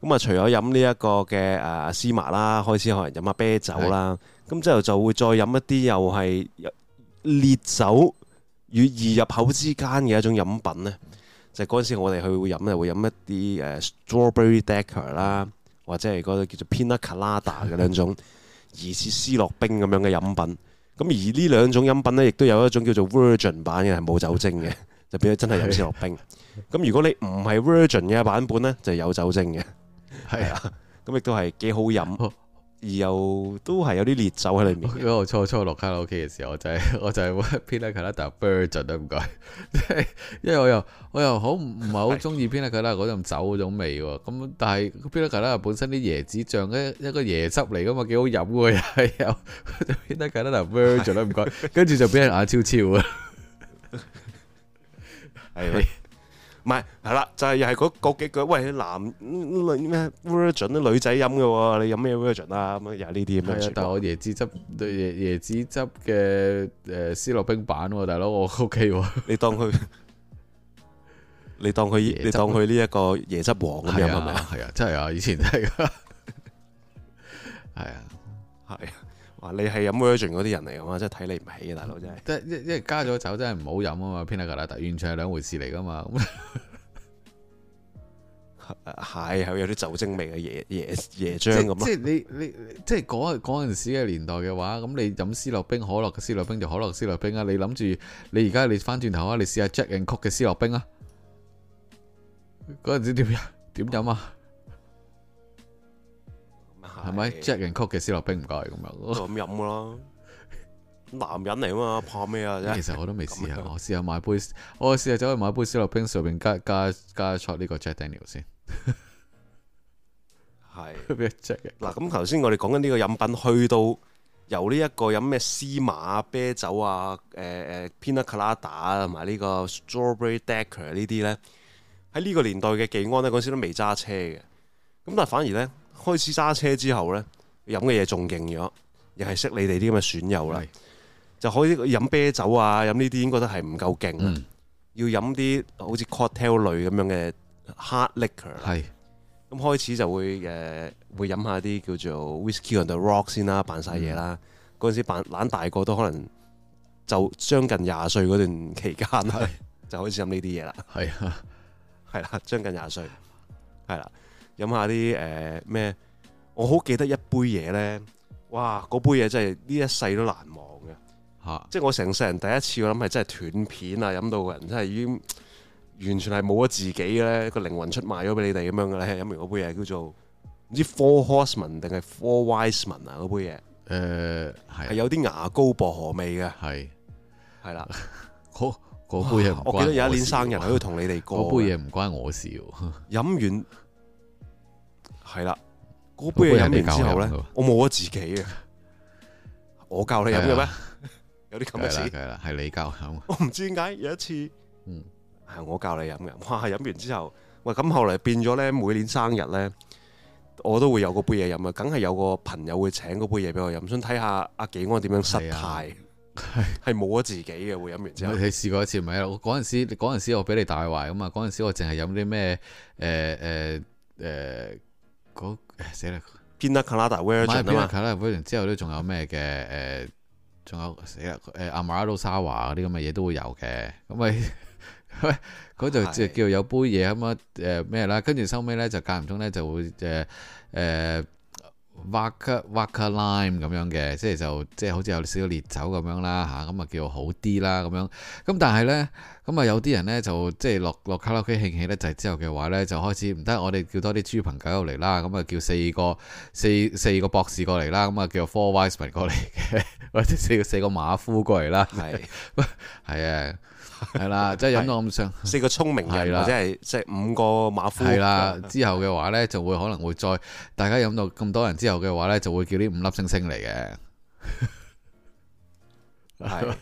咁啊，除咗飲呢一個嘅誒絲麻啦，開始可能飲下啤酒啦，咁的之後就會再飲一啲又係烈酒與易入口之間嘅一種飲品呢就嗰、是、陣時我哋去會飲咧，會飲一啲誒 strawberry daiquiri 啦，或者係嗰個叫做 pina colada 嘅兩種疑的似斯洛冰咁樣嘅飲品。咁而呢兩種飲品呢，亦都有一種叫做 virgin 版嘅係冇酒精嘅，就變咗真係有斯洛冰。咁的如果你唔係 virgin 嘅版本呢，就有酒精嘅。係啊，咁亦都係幾好飲，而又都係有啲烈酒喺裏面。嗰度初初落卡拉 OK 嘅時候，我就係、是、我就係會 Pina Colada v e r s i n 唔該。Virgin, [laughs] 因為我又我又好唔係好中意 Pina Colada 嗰種酒嗰種味，咁 [laughs] 但係 Pina Colada 本身啲椰子醬咧一個椰汁嚟噶嘛，幾好飲嘅，又 Pina Colada v e r s i n 啦，唔該。跟住就俾人眼超超啊，係。唔係，係啦、 [music] 嗯，就係又係嗰嗰幾句。喂，男女咩 virgin 啲女仔飲嘅喎，你飲咩 virgin 啊？咁又係呢啲咁嘅但係椰子汁，椰椰子汁嘅誒、呃、思樂冰版喎、啊，大佬我 OK、啊、你當佢， [laughs] 你當佢，汁你當佢呢一個椰汁王咁樣啊？係啊，真係啊，啊，以前係 [laughs] [laughs] 啊，啊，係啊。 [music] 你係飲 Virgin 嗰啲人嚟噶嘛？即係睇你唔起啊，大佬真係！即係一一加咗酒，真係唔好飲啊嘛！Pina Colada 完全係兩回事嚟噶嘛！蟹係有啲酒精味嘅椰椰椰漿咁 [laughs] 即係你你即係嗰嗰陣時嘅年代嘅話，咁你飲思樂冰可樂嘅思樂冰就可樂思樂冰啊！你諗住你而家你翻轉頭啊！你試下 Jack and Coke 嘅思樂冰啊！嗰陣時點點飲啊？ [laughs] 係咪 Jacking 曲嘅雪碧唔夠你咁樣？咁飲噶啦， [laughs] 男人嚟啊嘛，怕咩啊？啫。其實我都未試下，這樣 我試下買杯，我試下走去買杯雪碧，上邊加加一加咗呢個 j a c k d a n i e l 先。係 [laughs] 是。嗱，咁頭先我哋講緊呢個飲品，去到由呢一個飲咩司麻啤酒啊，誒誒 Pina Colada 啊，同埋呢個 Strawberry d e c k e r 呢啲咧，喺呢個年代嘅技安咧，嗰時都未揸車嘅，咁但係反而咧。開始揸車之後呢，飲嘅嘢仲勁咗，又係識你哋啲咁嘅損友啦。的就可以飲啤酒啊，飲呢啲應該都得係唔夠勁，嗯、要飲啲好似 cocktail 類咁樣嘅 hard liquor。係咁的開始就會誒、呃，會飲下啲叫做 whisky on the rocks 先啦，扮晒嘢啦。嗰陣、嗯、時扮懶大個都可能就將近廿歲嗰段期間的， [laughs] 就開始飲呢啲嘢啦。係啊的，係啦， [laughs] 將近廿歲，係啦。飲下啲誒咩？我好記得一杯嘢咧，哇！嗰杯嘢真係呢一世都難忘嘅吓，啊、即係我成世人第一次，我諗係真係斷片啊！飲到個人真係已經完全係冇咗自己嘅咧，個靈魂出賣咗俾你哋咁樣嘅咧。飲完嗰杯嘢叫做唔知 Four Horseman 定係 Four Wiseman 啊，嗰杯嘢誒係，呃、有啲牙膏薄，薄荷味嘅係係啦，嗰的的 [laughs] 杯嘢我，我記得有一年生日，喺度同你哋過杯嘢唔關我事，飲完。係啦，嗰杯嘢飲完之後咧，我冇咗自己嘅， [laughs] 我教你飲嘅咩？了 [laughs] 有啲咁嘅事，係你教我唔知點解，有一次，嗯，係我教你飲嘅。哇，飲完之後，喂，咁後嚟變咗咧，每年生日咧，我都會有個杯嘢飲啊，梗係有個朋友會請嗰杯嘢俾我飲，想睇下阿景安點樣失態，係冇咗自己嘅，會飲完之後。你試過一次唔係？我嗰陣時，陣時我俾你帶壞咁嘛。嗰陣時我淨係飲啲咩？誒誒誒。呃呃呃呃嗰死啦！加拿大威爾頓啊嘛，買加拿大威爾頓之後咧，仲有咩嘅？誒，仲有死啦！誒，阿馬拉多沙華嗰啲咁嘅嘢都會有嘅。咁咪，佢嗰度就叫有杯嘢咁啊？誒咩啦？跟住收尾咧，就間唔中咧就會誒誒，瓦克瓦克 lime 咁樣嘅，即係就即係好似有少少烈酒咁樣啦嚇。咁啊叫好啲啦咁樣。咁但係咧。咁啊，有啲人咧就即係落落卡拉 OK 興起咧，就係、是、之後嘅話咧，就開始唔得，我哋叫多啲豬朋狗友嚟啦。咁啊，叫四個四四個博士過嚟啦，咁啊的，叫 Four Wise Men 過嚟嘅，或者四四個馬夫過嚟啦。係的，係啊 [laughs] 的，係啦，即係飲到咁上，四個聰明人的或者係即係五個馬夫。係啦的，的之後嘅話咧，就會可能會再大家飲到咁多人之後嘅話咧，就會叫啲五粒星星嚟嘅。係。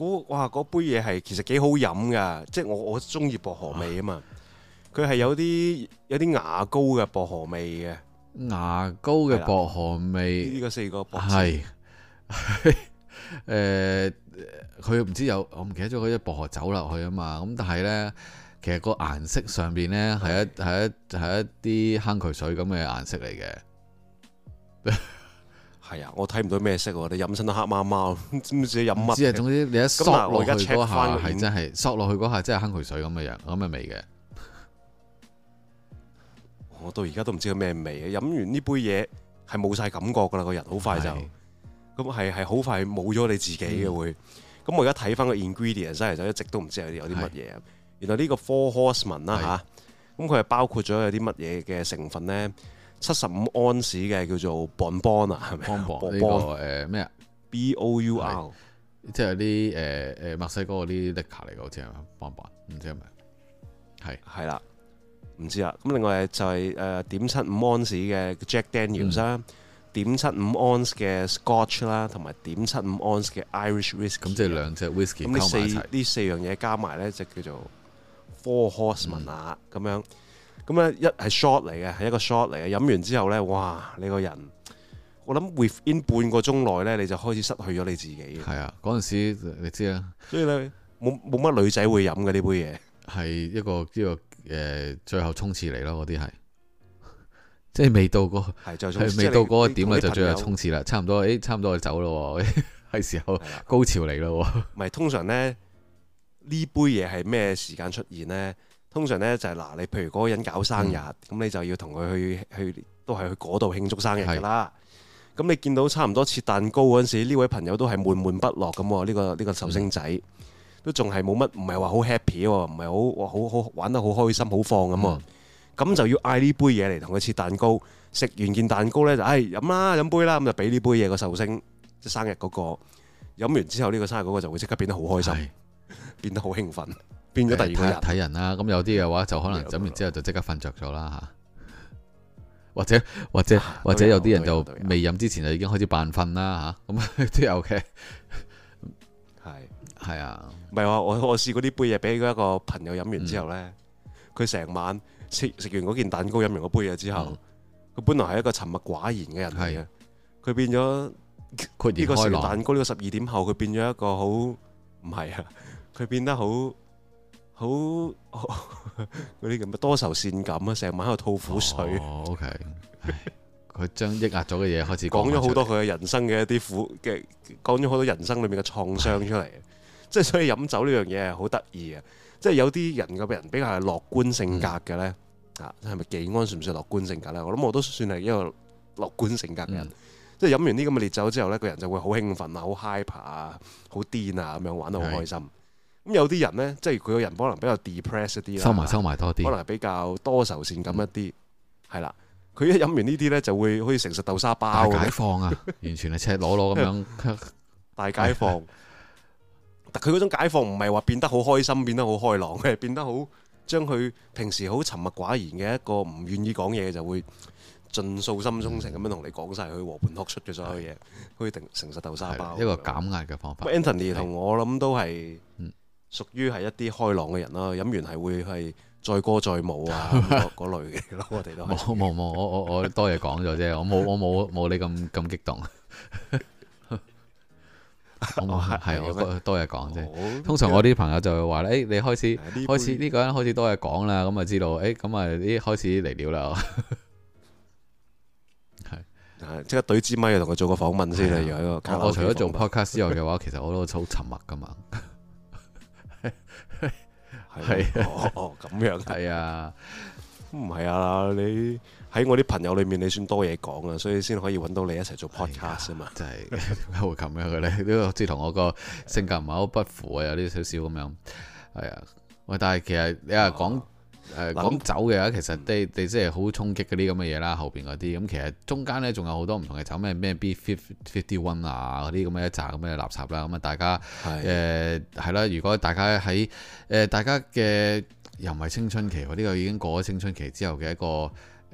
嗰哇杯嘢係其實幾好飲噶，即係我我中意薄荷味啊嘛，佢係有啲有啲牙膏嘅薄荷味嘅，牙膏嘅薄荷味呢個啦四個薄荷係，誒，佢唔知有我唔記得咗佢隻薄荷酒落、 [laughs] 呃、去啊嘛，咁但係咧，其實個顏色上邊咧係一係的一係一啲坑渠水咁嘅顏色嚟嘅。 [laughs] 係啊，我睇唔到咩色喎，你飲身都黑貓貓，知唔知飲乜？知啊，總之你一嗦落去嗰下係真係，嗦落去嗰下真係坑渠水咁嘅樣，咁嘅味嘅。我到而家都唔知佢咩味嘅，飲完呢杯嘢係冇晒感覺噶啦，個人好快就咁係係好快冇咗你自己嘅會。咁、嗯、我而家睇翻個 ingredient 真係就一直都唔知有啲乜嘢。是原來呢個 Four Horseman 啦吓是，咁佢係包括咗有啲乜嘢嘅成分咧？七十五盎司嘅叫做棒棒啊，係咪？棒棒呢個誒咩啊？B O U R，即係啲誒誒墨西哥嗰啲 liquor 嚟嘅，好似係咪？棒棒唔知係咪？係係啦，唔知啦。咁另外就係誒點七五盎司嘅 Jack Daniels 啦、嗯，點七五盎司嘅 Scotch 啦，同埋點七五盎司嘅 Irish Whisky。咁即係兩隻 Whisky，咁四呢四樣嘢加埋咧，就叫做 Four Horsemen 啊，咁樣。咁咧一係 shot 嚟嘅，係一個 shot 嚟嘅。飲完之後咧，哇！你個人，我諗 within 半個鐘內咧，你就開始失去咗你自己嘅。係啊，嗰陣時你知啊，所以咧，冇冇乜女仔會飲嘅呢杯嘢。係一個呢、這個誒，最後衝刺嚟咯，嗰啲係，即係未到嗰係就係個點你你就最後衝刺啦，差唔多誒、哎，差唔多就走咯，係 [laughs] 時候高潮嚟咯，咪的通常咧呢杯嘢係咩時間出現呢？ [laughs] 通常呢、就是，就係嗱，你譬如嗰個人搞生日，咁、嗯、你就要同佢去去，都係去嗰度慶祝生日噶啦。咁是你見到差唔多切蛋糕嗰陣時，呢位朋友都係悶悶不樂咁喎。呢、呢個呢、呢個壽星仔都仲係冇乜，唔係話好 happy 喎，唔係好好好玩得好開心、好放咁喎。咁、嗯、就要嗌呢杯嘢嚟同佢切蛋糕。食完件蛋糕呢，哎、就唉飲啦飲杯啦，咁、嗰個、就俾呢杯嘢個壽星即生日嗰、嗰個飲完之後，呢個生日嗰個就會即刻變得好開心，是 [laughs] 變得好興奮。變咗第二個人睇人啦，咁、啊、有啲嘅話就可能飲完之後就即刻瞓着咗啦吓，或者或者或者有啲人就未飲之前就已經開始扮瞓啦吓，咁都 OK。係係啊，唔係話我我試過啲杯嘢俾一個朋友飲完之後咧，佢成、嗯、晚食食完嗰件蛋糕飲完嗰杯嘢之後，佢、嗯、本來係一個沉默寡言嘅人嚟嘅，佢的變咗豁然開蛋糕呢、呢個十二點後，佢變咗一個好唔係啊，佢變得好。好嗰啲咁嘅多愁善感啊，成晚喺度吐苦水。OK，佢將抑壓咗嘅嘢開始講咗好多佢嘅人生嘅一啲苦嘅，講咗好多人生裏面嘅創傷出嚟。即係的所以飲酒呢樣嘢係好得意嘅。即係有啲人嘅人比較係樂觀性格嘅咧，的啊，係咪幾安算唔算樂觀性格咧？我諗我都算係一個樂觀性格嘅人。即係飲完啲咁嘅烈酒之後咧，個人就會好興奮啊，好 hyper 啊，好癲啊，咁樣玩得好開心。的咁有啲人呢，即係佢個人可能比較 depressed 啲，收埋收埋多啲，可能比較多愁善感一啲，係啦。佢一飲完呢啲呢，就會好似誠實豆沙包啊！解放啊，完全係赤裸裸咁樣，大解放。但佢嗰種解放唔係話變得好開心，變得好開朗嘅，變得好將佢平時好沉默寡言嘅一個唔願意講嘢，就會盡訴心中情咁樣同你講晒佢和盤托出嘅所有嘢，可以定誠實豆沙包。一個減壓嘅方法。Anthony 同我諗都係，屬於係一啲開朗嘅人咯，飲完係會係載歌載舞啊嗰 [laughs] 類嘅，我哋都冇冇冇，我 [laughs] 我我多嘢講咗啫，我冇我冇冇你咁咁激動，係 [laughs] 係我，我多嘢講啫。通常我啲朋友就會話咧、欸：，你開始、啊、開始呢、啊、個人開始多嘢講啦，咁啊知道誒咁啊啲開始嚟料啦。係即、啊、 [laughs] 是刻對住咪同佢做個訪問先啊！OK，我除咗做 podcast 之外嘅話， [laughs] 其實我都好沉默噶嘛。係、啊、哦咁、啊、樣，係啊，唔係 [laughs] 啊，你喺我啲朋友裏面，你算多嘢講啊，所以先可以搵到你一齊做 podcast 啊嘛，嗎真係點解會咁樣嘅咧？呢個即係同我個性格唔係好不符啊，有啲少少咁樣，係啊，喂，但係其實你又講。哦誒、呃、想講酒嘅，其實地地、嗯、即係好衝擊嗰啲咁嘅嘢啦，後邊嗰啲咁，其實中間咧仲有好多唔同嘅酒，咩咩 B Fifty One 啊嗰啲咁嘅一扎咁嘅垃圾啦，咁、嗯、啊大家誒係啦，如果大家喺誒、呃、大家嘅又唔係青春期喎，呢、這個已經過咗青春期之後嘅一個誒誒、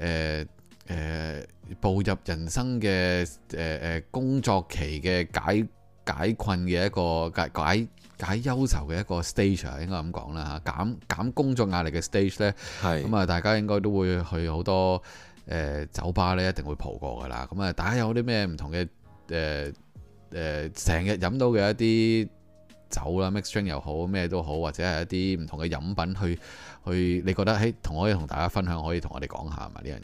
呃呃、步入人生嘅誒誒工作期嘅解解困嘅一個解解。解解憂愁嘅一個 stage 啊，應該咁講啦嚇，減減工作壓力嘅 stage 呢是，咁啊大家應該都會去好多誒、呃、酒吧呢，一定會蒲過噶啦。咁啊，大家有啲咩唔同嘅誒成日飲到嘅一啲酒啦，mix drink 又好，咩都好，或者係一啲唔同嘅飲品去，去去，你覺得喺同可以同大家分享，可以同我哋講下嘛？呢樣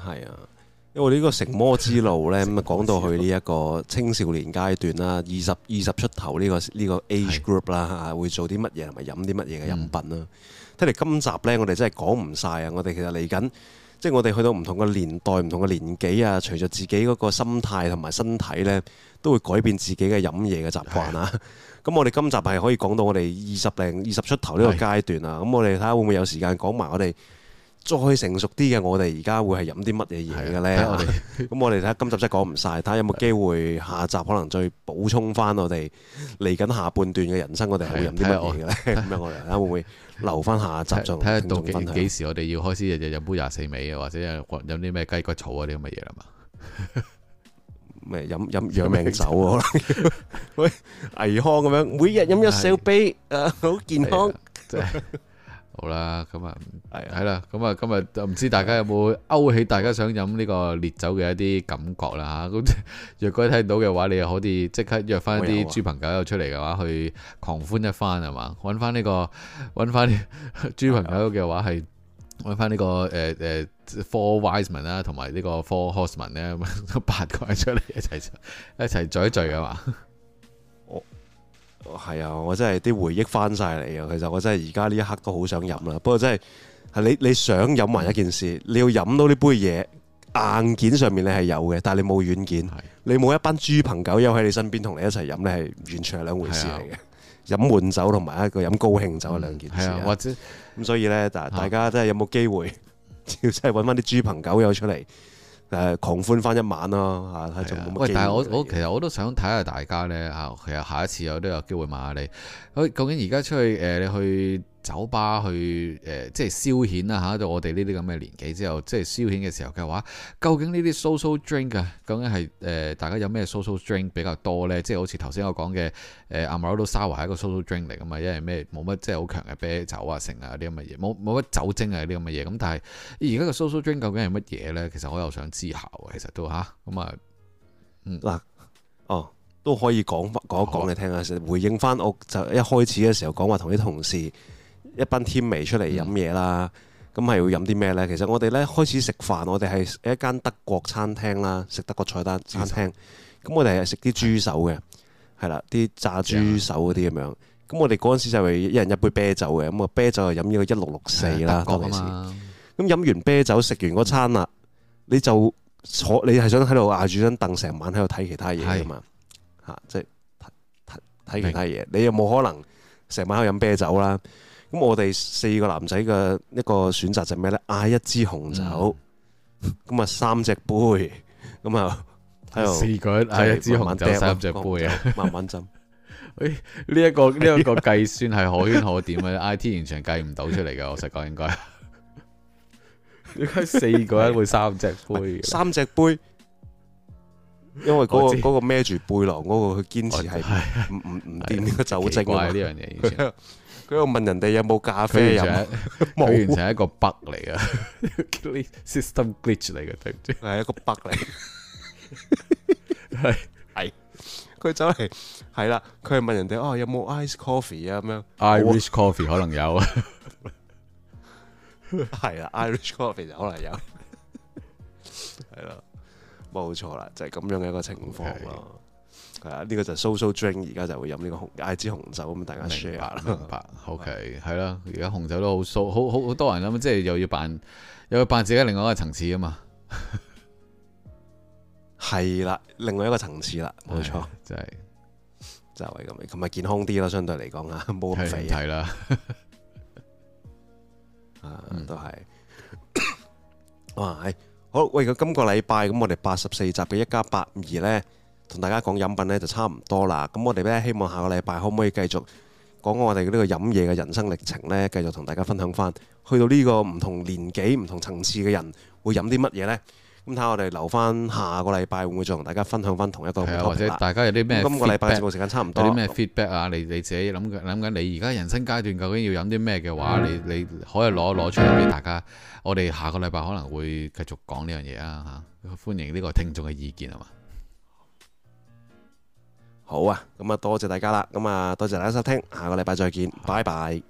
嘢係啊。因為呢個成魔之路呢，咁啊講到去呢一個青少年階段啦，二十二十出頭呢，呢個呢、呢個 age group 啦是，吓會做啲乜嘢，同埋飲啲乜嘢嘅飲品啦。睇嚟，嗯、今集呢，我哋真係講唔晒啊！我哋其實嚟緊，即、就、係、是、我哋去到唔同嘅年代，唔同嘅年紀啊，隨住自己嗰個心態同埋身體呢，都會改變自己嘅飲嘢嘅習慣啊。咁是 [laughs] 我哋今集係可以講到我哋二十零、二十出頭呢個階段啊。咁是我哋睇下會唔會有時間講埋我哋。再成熟啲嘅，我哋而家會係飲啲乜嘢嘢嘅咧？咁我哋睇下今集真係講唔晒，睇下有冇機會下集可能再補充翻我哋嚟緊下半段嘅人生我，睇下我哋係飲啲乜嘢嘅咧？咁樣我哋睇下會唔會留翻下集仲睇下到幾時我哋要開始日日飲杯廿四味啊，或者飲啲咩雞骨草啊？啲咁嘅嘢啦嘛？咩飲飲養命酒？啊？可能？喂，倪康咁樣每日飲一小杯，好健康。哎 [laughs] [laughs] 好啦，咁啊，係啦，咁啊，今日就唔知大家有冇勾起大家想飲呢個烈酒嘅一啲感覺啦嚇。咁 [laughs] 若果睇到嘅話，你又可以即刻約翻啲豬朋狗友出嚟嘅話，啊、去狂歡一番。係嘛？揾翻呢個揾翻豬朋狗友嘅話係揾翻呢個誒誒、呃呃、Four Wiseman 啦、啊，同埋呢個 Four Horseman 咧、啊，八個人出嚟一齊一齊聚一聚嘅話。Yeah. [laughs] 係啊，我真係啲回憶翻晒嚟啊。其實我真係而家呢一刻都好想飲啦。不過真係，係你你想飲埋一件事，你要飲到呢杯嘢，硬件上面你係有嘅，但係你冇軟件，的你冇一班豬朋狗友喺你身邊同你一齊飲，你係完全係兩回事嚟嘅。飲悶的酒同埋一個飲高興酒係兩件事。係啊，或者咁，所以呢，大大家真係有冇機會要真係揾翻啲豬朋狗友出嚟？誒，狂歡翻一晚咯嚇，喂！但係我我其實我都想睇下大家咧嚇，其實下一次有都有機會問下你，誒，究竟而家出去誒、呃、你去？酒吧去誒、呃，即係消遣啦嚇、啊。到我哋呢啲咁嘅年紀之後，即係消遣嘅時候嘅話，究竟呢啲 social drink 啊，究竟係誒、呃、大家有咩 social drink 比較多呢？即係好似頭先我講嘅 a 誒，阿馬魯都沙華係一個 social drink 嚟噶嘛？因為咩冇乜即係好強嘅啤酒啊、成啊啲咁嘅嘢，冇冇乜酒精啊啲咁嘅嘢。咁但係而家個 social drink 究竟係乜嘢呢？其實我又想知下，其實都吓咁啊，嗯嗱、啊，哦都可以講翻講一講你聽下，回應翻屋，就一開始嘅時候講話同啲同事。一班天眉出嚟飲嘢啦，咁係會飲啲咩呢？其實我哋咧開始食飯，我哋係一間德國餐廳啦，食德國菜單餐廳。咁我哋係食啲豬手嘅，係啦，啲炸豬手嗰啲咁樣。咁我哋嗰陣時就係一人一杯啤酒嘅，咁啊啤酒係飲呢個一六六四啦嗰陣時。咁飲完啤酒食完嗰餐啦，你就坐，你係想喺度壓住張凳成晚喺度睇其他嘢嘅嘛？即係睇其他嘢。你有冇可能成晚喺度飲啤酒啦。咁我哋四個男仔嘅一個選擇就係咩咧？嗌一支紅酒，咁啊三隻杯，咁啊喺度四個人嗌一支紅酒三隻杯啊，慢慢斟。誒，呢一個呢一個計算係可圈可點嘅！I T 完全計唔到出嚟噶，我實講應該。應該四個人會三隻杯，三隻杯，因為嗰個嗰個孭住背囊嗰個佢堅持係唔唔唔掂呢個酒精呢樣嘢。佢又問人哋有冇咖啡飲，佢完全係一個 bug 嚟啊，叫啲 system glitch 嚟嘅，對唔住，係一個 bug 嚟，係係佢走嚟係啦，佢係問人哋哦，有冇 ice coffee 啊咁樣，Irish coffee 可能有，係啊，Irish coffee 就可能有，係咯，冇錯啦，就係咁樣嘅一個情況囉。呢個就 social drink 而家就會飲呢個紅，嗌支紅酒咁，大家 share。明白，明白 [laughs] ，OK，係啦。而家紅酒都好 so，好好好多人啦，即係又要扮又要扮自己另外一個層次啊嘛。係 [laughs] 啦，另外一個層次啦，冇錯，就係、係、就係咁，同埋健康啲啦，相對嚟講啊，冇咁肥啦。 [laughs] 啊，都係。嗯、 [laughs] 哇，係好喂！咁今個禮拜咁，我哋八十四集嘅一家八五二咧。同大家講飲品呢就差唔多啦，咁我哋呢，希望下個禮拜可唔可以繼續講講我哋呢個飲嘢嘅人生歷程呢？繼續同大家分享翻，去到呢個唔同年紀、唔同層次嘅人會飲啲乜嘢呢？咁睇下我哋留翻下個禮拜會唔會再同大家分享翻同一個話題啦。或者大家有啲咩？今個禮拜節目時間差唔多，有啲咩 feedback 啊？你你自己諗諗緊，你而家人生階段究竟要飲啲咩嘅話，你你可以攞一攞出嚟俾大家。我哋下個禮拜可能會繼續講呢樣嘢啊吓，歡迎呢個聽眾嘅意見啊嘛。好啊，咁啊多謝大家啦，咁啊多謝大家收聽，下個禮拜再見，的拜拜。